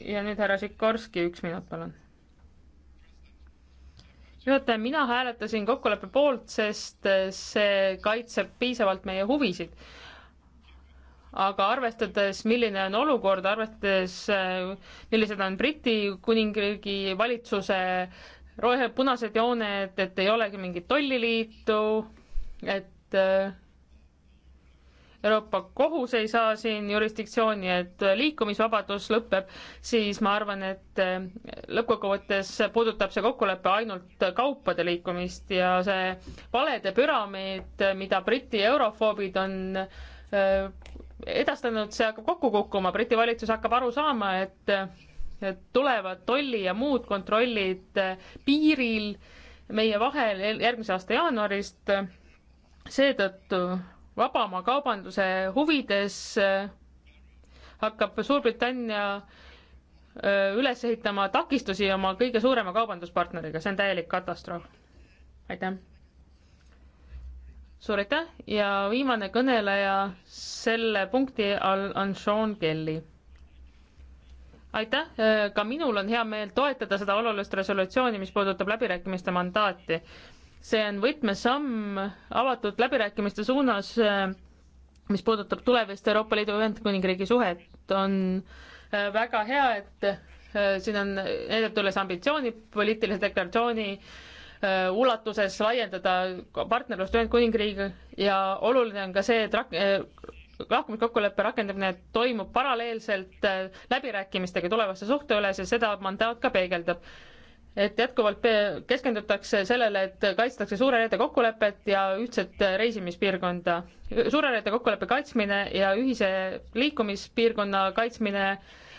ja nüüd härra Sikorski, üks minut, palun. juhataja, mina hääletasin kokkuleppe poolt, sest see kaitseb piisavalt meie huvisid aga arvestades, milline on olukord, arvestades, millised on Briti kuningriigi valitsuse rohe, punased jooned, et ei olegi mingit tolliliitu, et äh, Euroopa Kohus ei saa siin jurisdiktsiooni, et liikumisvabadus lõpeb, siis ma arvan, et äh, lõppkokkuvõttes puudutab see kokkulepe ainult kaupade liikumist ja see valede püramiid, mida Briti eurofoobid on äh, edastanud, see hakkab kokku kukkuma, Briti valitsus hakkab aru saama, et tulevad tolli ja muud kontrollid eh, piiril meie vahel järgmise aasta jaanuarist. seetõttu vabama kaubanduse huvides eh, hakkab Suurbritannia eh, üles ehitama takistusi oma kõige suurema kaubanduspartneriga, see on täielik katastroof. aitäh! suur aitäh ja viimane kõneleja selle punkti all on Sean Kelly. aitäh, ka minul on hea meel toetada seda olulist resolutsiooni, mis puudutab läbirääkimiste mandaati. see on võtmesamm avatud läbirääkimiste suunas, mis puudutab tulevist Euroopa Liidu Ühendkuningriigi suhet, on väga hea, et eh, siin on näidatud üles ambitsiooni, poliitilise deklaratsiooni äh, Äh, ulatuses laiendada partnerlust Ühendkuningriigiga ja oluline on ka see, et rak-, äh, lahkumiskokkuleppe rakendamine toimub paralleelselt äh, läbirääkimistega tulevaste suhte üle, sest seda mandaat ka peegeldab. et jätkuvalt keskendutakse sellele, et kaitstakse suurereede kokkulepet ja ühtset reisimispiirkonda. suurereede kokkuleppe kaitsmine ja ühise liikumispiirkonna kaitsmine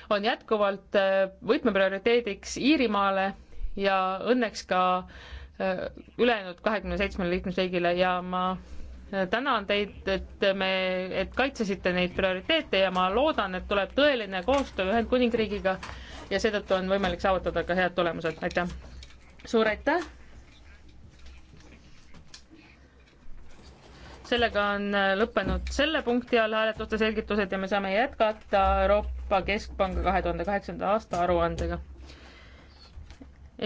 on jätkuvalt võtmeprioriteediks Iirimaale ja õnneks ka äh, Äh, ülejäänud kahekümne seitsmele liikmesriigile ja ma äh, tänan teid, et me, et kaitsesite neid prioriteete ja ma loodan, et tuleb tõeline koostöö Ühendkuningriigiga ja seetõttu on võimalik saavutada ka head tulemused, aitäh. suur aitäh. sellega on äh, lõppenud selle punkti all hääletuste selgitused ja me saame jätkata Euroopa Keskpanga kahe tuhande kaheksanda aasta aruandega.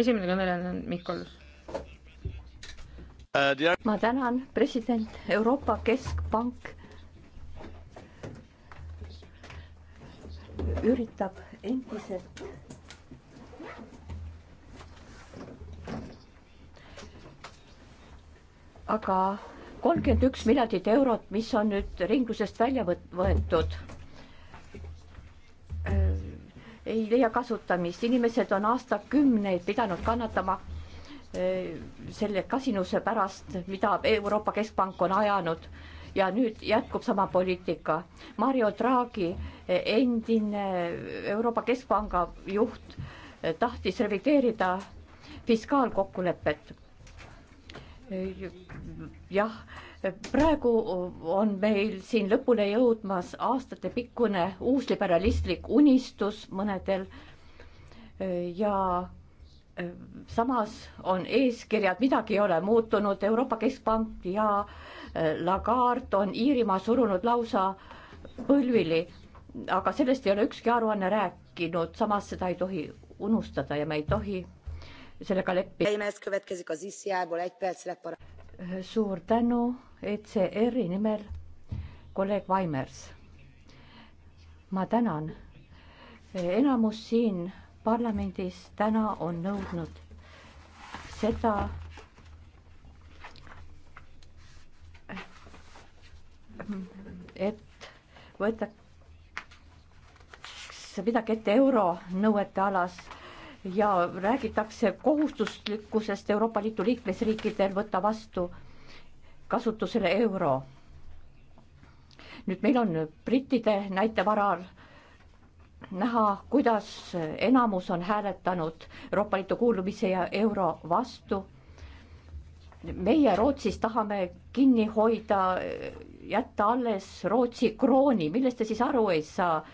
esimene kõneleja on Mihkel ma tänan, president, Euroopa Keskpank üritab endiselt aga kolmkümmend üks miljardit eurot, mis on nüüd ringlusest välja võetud, ei leia kasutamist, inimesed on aastakümneid pidanud kannatama Äh, selle kasinuse pärast, mida Euroopa Keskpank on ajanud ja nüüd jätkub sama poliitika. Mario Draghi, äh, endine Euroopa Keskpanga juht, äh, tahtis revideerida fiskaalkokkulepet. jah, praegu on meil siin lõpule jõudmas aastatepikkune uusliberalistlik unistus mõnedel ja samas on eeskirjad, midagi ei ole muutunud, Euroopa Keskpank ja äh, Lagarde on Iirimaa surunud lausa põlvili, aga sellest ei ole ükski aruanne rääkinud, samas seda ei tohi unustada ja me ei tohi sellega leppida. Äh, suur tänu ECR-i nimel, kolleeg Vaimers. ma tänan, äh, enamus siin parlamendis täna on nõudnud seda, et võetakse midagi ette euro nõuete alas ja räägitakse kohustuslikkusest Euroopa Liidu liikmesriikidel võtta vastu kasutusele euro. nüüd meil on brittide näite varal näha, kuidas enamus on hääletanud Euroopa Liitu kuulumise ja euro vastu. meie Rootsis tahame kinni hoida, jätta alles Rootsi krooni, millest te siis aru ei saa?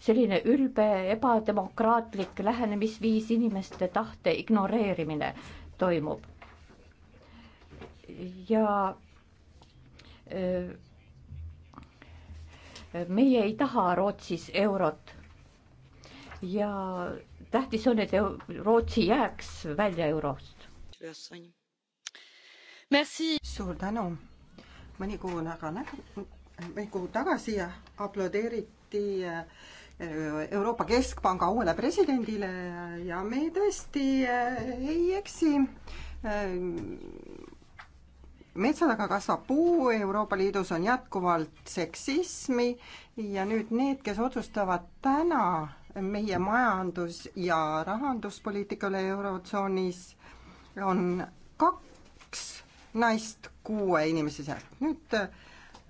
selline ülbe ebademokraatlik lähenemisviis, inimeste tahte ignoreerimine toimub. ja öö, meie ei taha Rootsis eurot ja tähtis on, et Rootsi jääks välja eurost. suur tänu. mõni kuu taga, mõni kuu tagasi aplodeeriti äh, Euroopa Keskpanga uuele presidendile ja me tõesti äh, ei eksi. Äh, metsa taga kasvab puu, Euroopa Liidus on jätkuvalt seksismi ja nüüd need, kes otsustavad täna meie majandus- ja rahanduspoliitikale Eurotsoonis on kaks naist kuue inimese seas. nüüd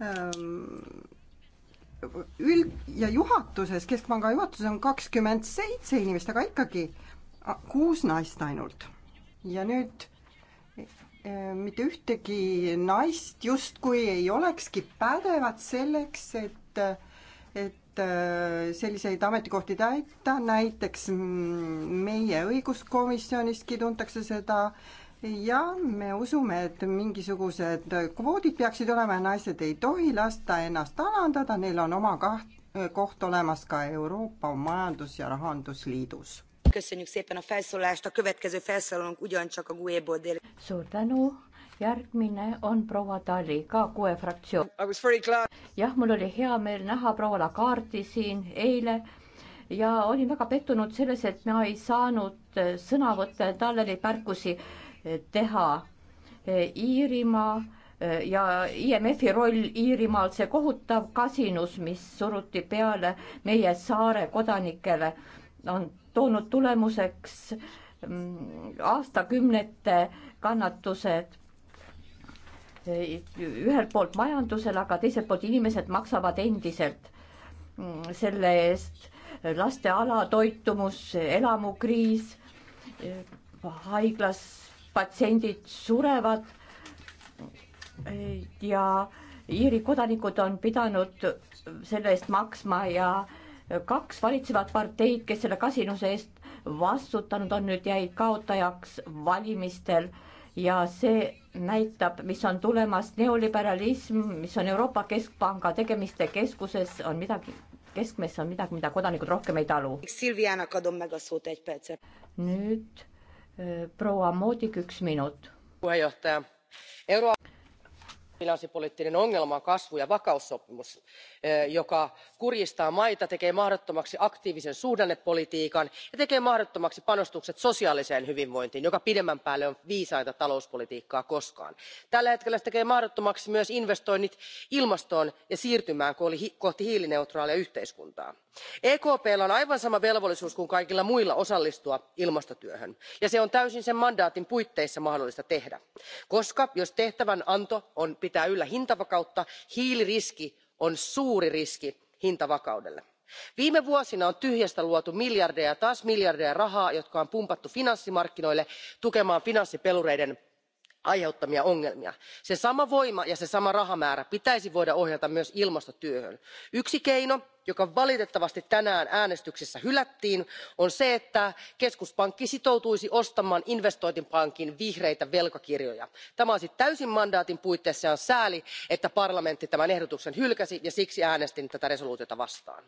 ähm, üld- ja juhatuses, Keskpanga juhatuses on kakskümmend seitse inimest, aga ikkagi kuus naist ainult. ja nüüd e, mitte ühtegi naist justkui ei olekski pädevad selleks, et, et Äh, selliseid ametikohti täita, näiteks mm, meie õiguskomisjoniski tuntakse seda ja me usume, et mingisugused kvoodid peaksid olema ja naised ei tohi lasta ennast alandada, neil on oma kaht-, koht olemas ka Euroopa Majandus- ja Rahandusliidus. suur tänu järgmine on proua Tali, ka kuue fraktsioon. jah, mul oli hea meel näha proua Lagardi siin eile ja olin väga pettunud selles, et ma ei saanud eh, sõna võtta, tal oli märkusi eh, teha. Eh, Iirimaa ja IMF-i roll Iirimaal, see kohutav kasinus, mis suruti peale meie saare kodanikele, on toonud tulemuseks mm, aastakümnete kannatused ühelt poolt majandusele, aga teiselt poolt inimesed maksavad endiselt mm, selle eest. laste alatoitumus, elamukriis, haiglas patsiendid surevad. ja Iiri kodanikud on pidanud selle eest maksma ja kaks valitsevat parteid, kes selle kasinuse eest vastutanud on, nüüd jäid kaotajaks valimistel ja see näitab, mis on tulemas, neoliberalism, mis on Euroopa Keskpanga tegemiste keskuses, on midagi, keskmes on midagi, mida kodanikud rohkem ei talu. nüüd äh, proua Moodik, üks minut. juhataja, euro finanssipoliittinen ongelma on kasvu ja vakaussopimus eh, joka kurjistaa maita tekee mahdottomaksi aktiivisen suhdannepolitiikan ja tekee mahdottomaksi panostukset sosiaaliseen hyvinvointiin joka pidemmän päälle on viisainta talouspolitiikkaa koskaan. tällä hetkellä se tekee mahdottomaksi myös investoinnit ilmastoon ja siirtymään kohti hiilineutraalia yhteiskuntaa. ekpllä on aivan sama velvollisuus kuin kaikilla muilla osallistua ilmastotyöhön ja se on täysin sen mandaatin puitteissa mahdollista tehdä koska jos tehtävänanto on pitää yllä hintavakautta hiiliriski on suuri riski hintavakaudelle. viime vuosina on tyhjästä luotu miljardeja ja taas miljardeja rahaa jotka on pumpattu finanssimarkkinoille tukemaan finanssipelureiden aiheuttamia ongelmia. se sama voima ja se sama rahamäärä pitäisi voida ohjata myös ilmastotyöhön. yksi keino joka valitettavasti tänään äänestyksessä hylättiin on se että keskuspankki sitoutuisi ostamaan investointipankin vihreitä velkakirjoja. tämä olisi täysin mandaatin puitteissa ja on sääli että parlamentti tämän ehdotuksen hylkäsi ja siksi äänestin tätä päätöslauselmaa vastaan.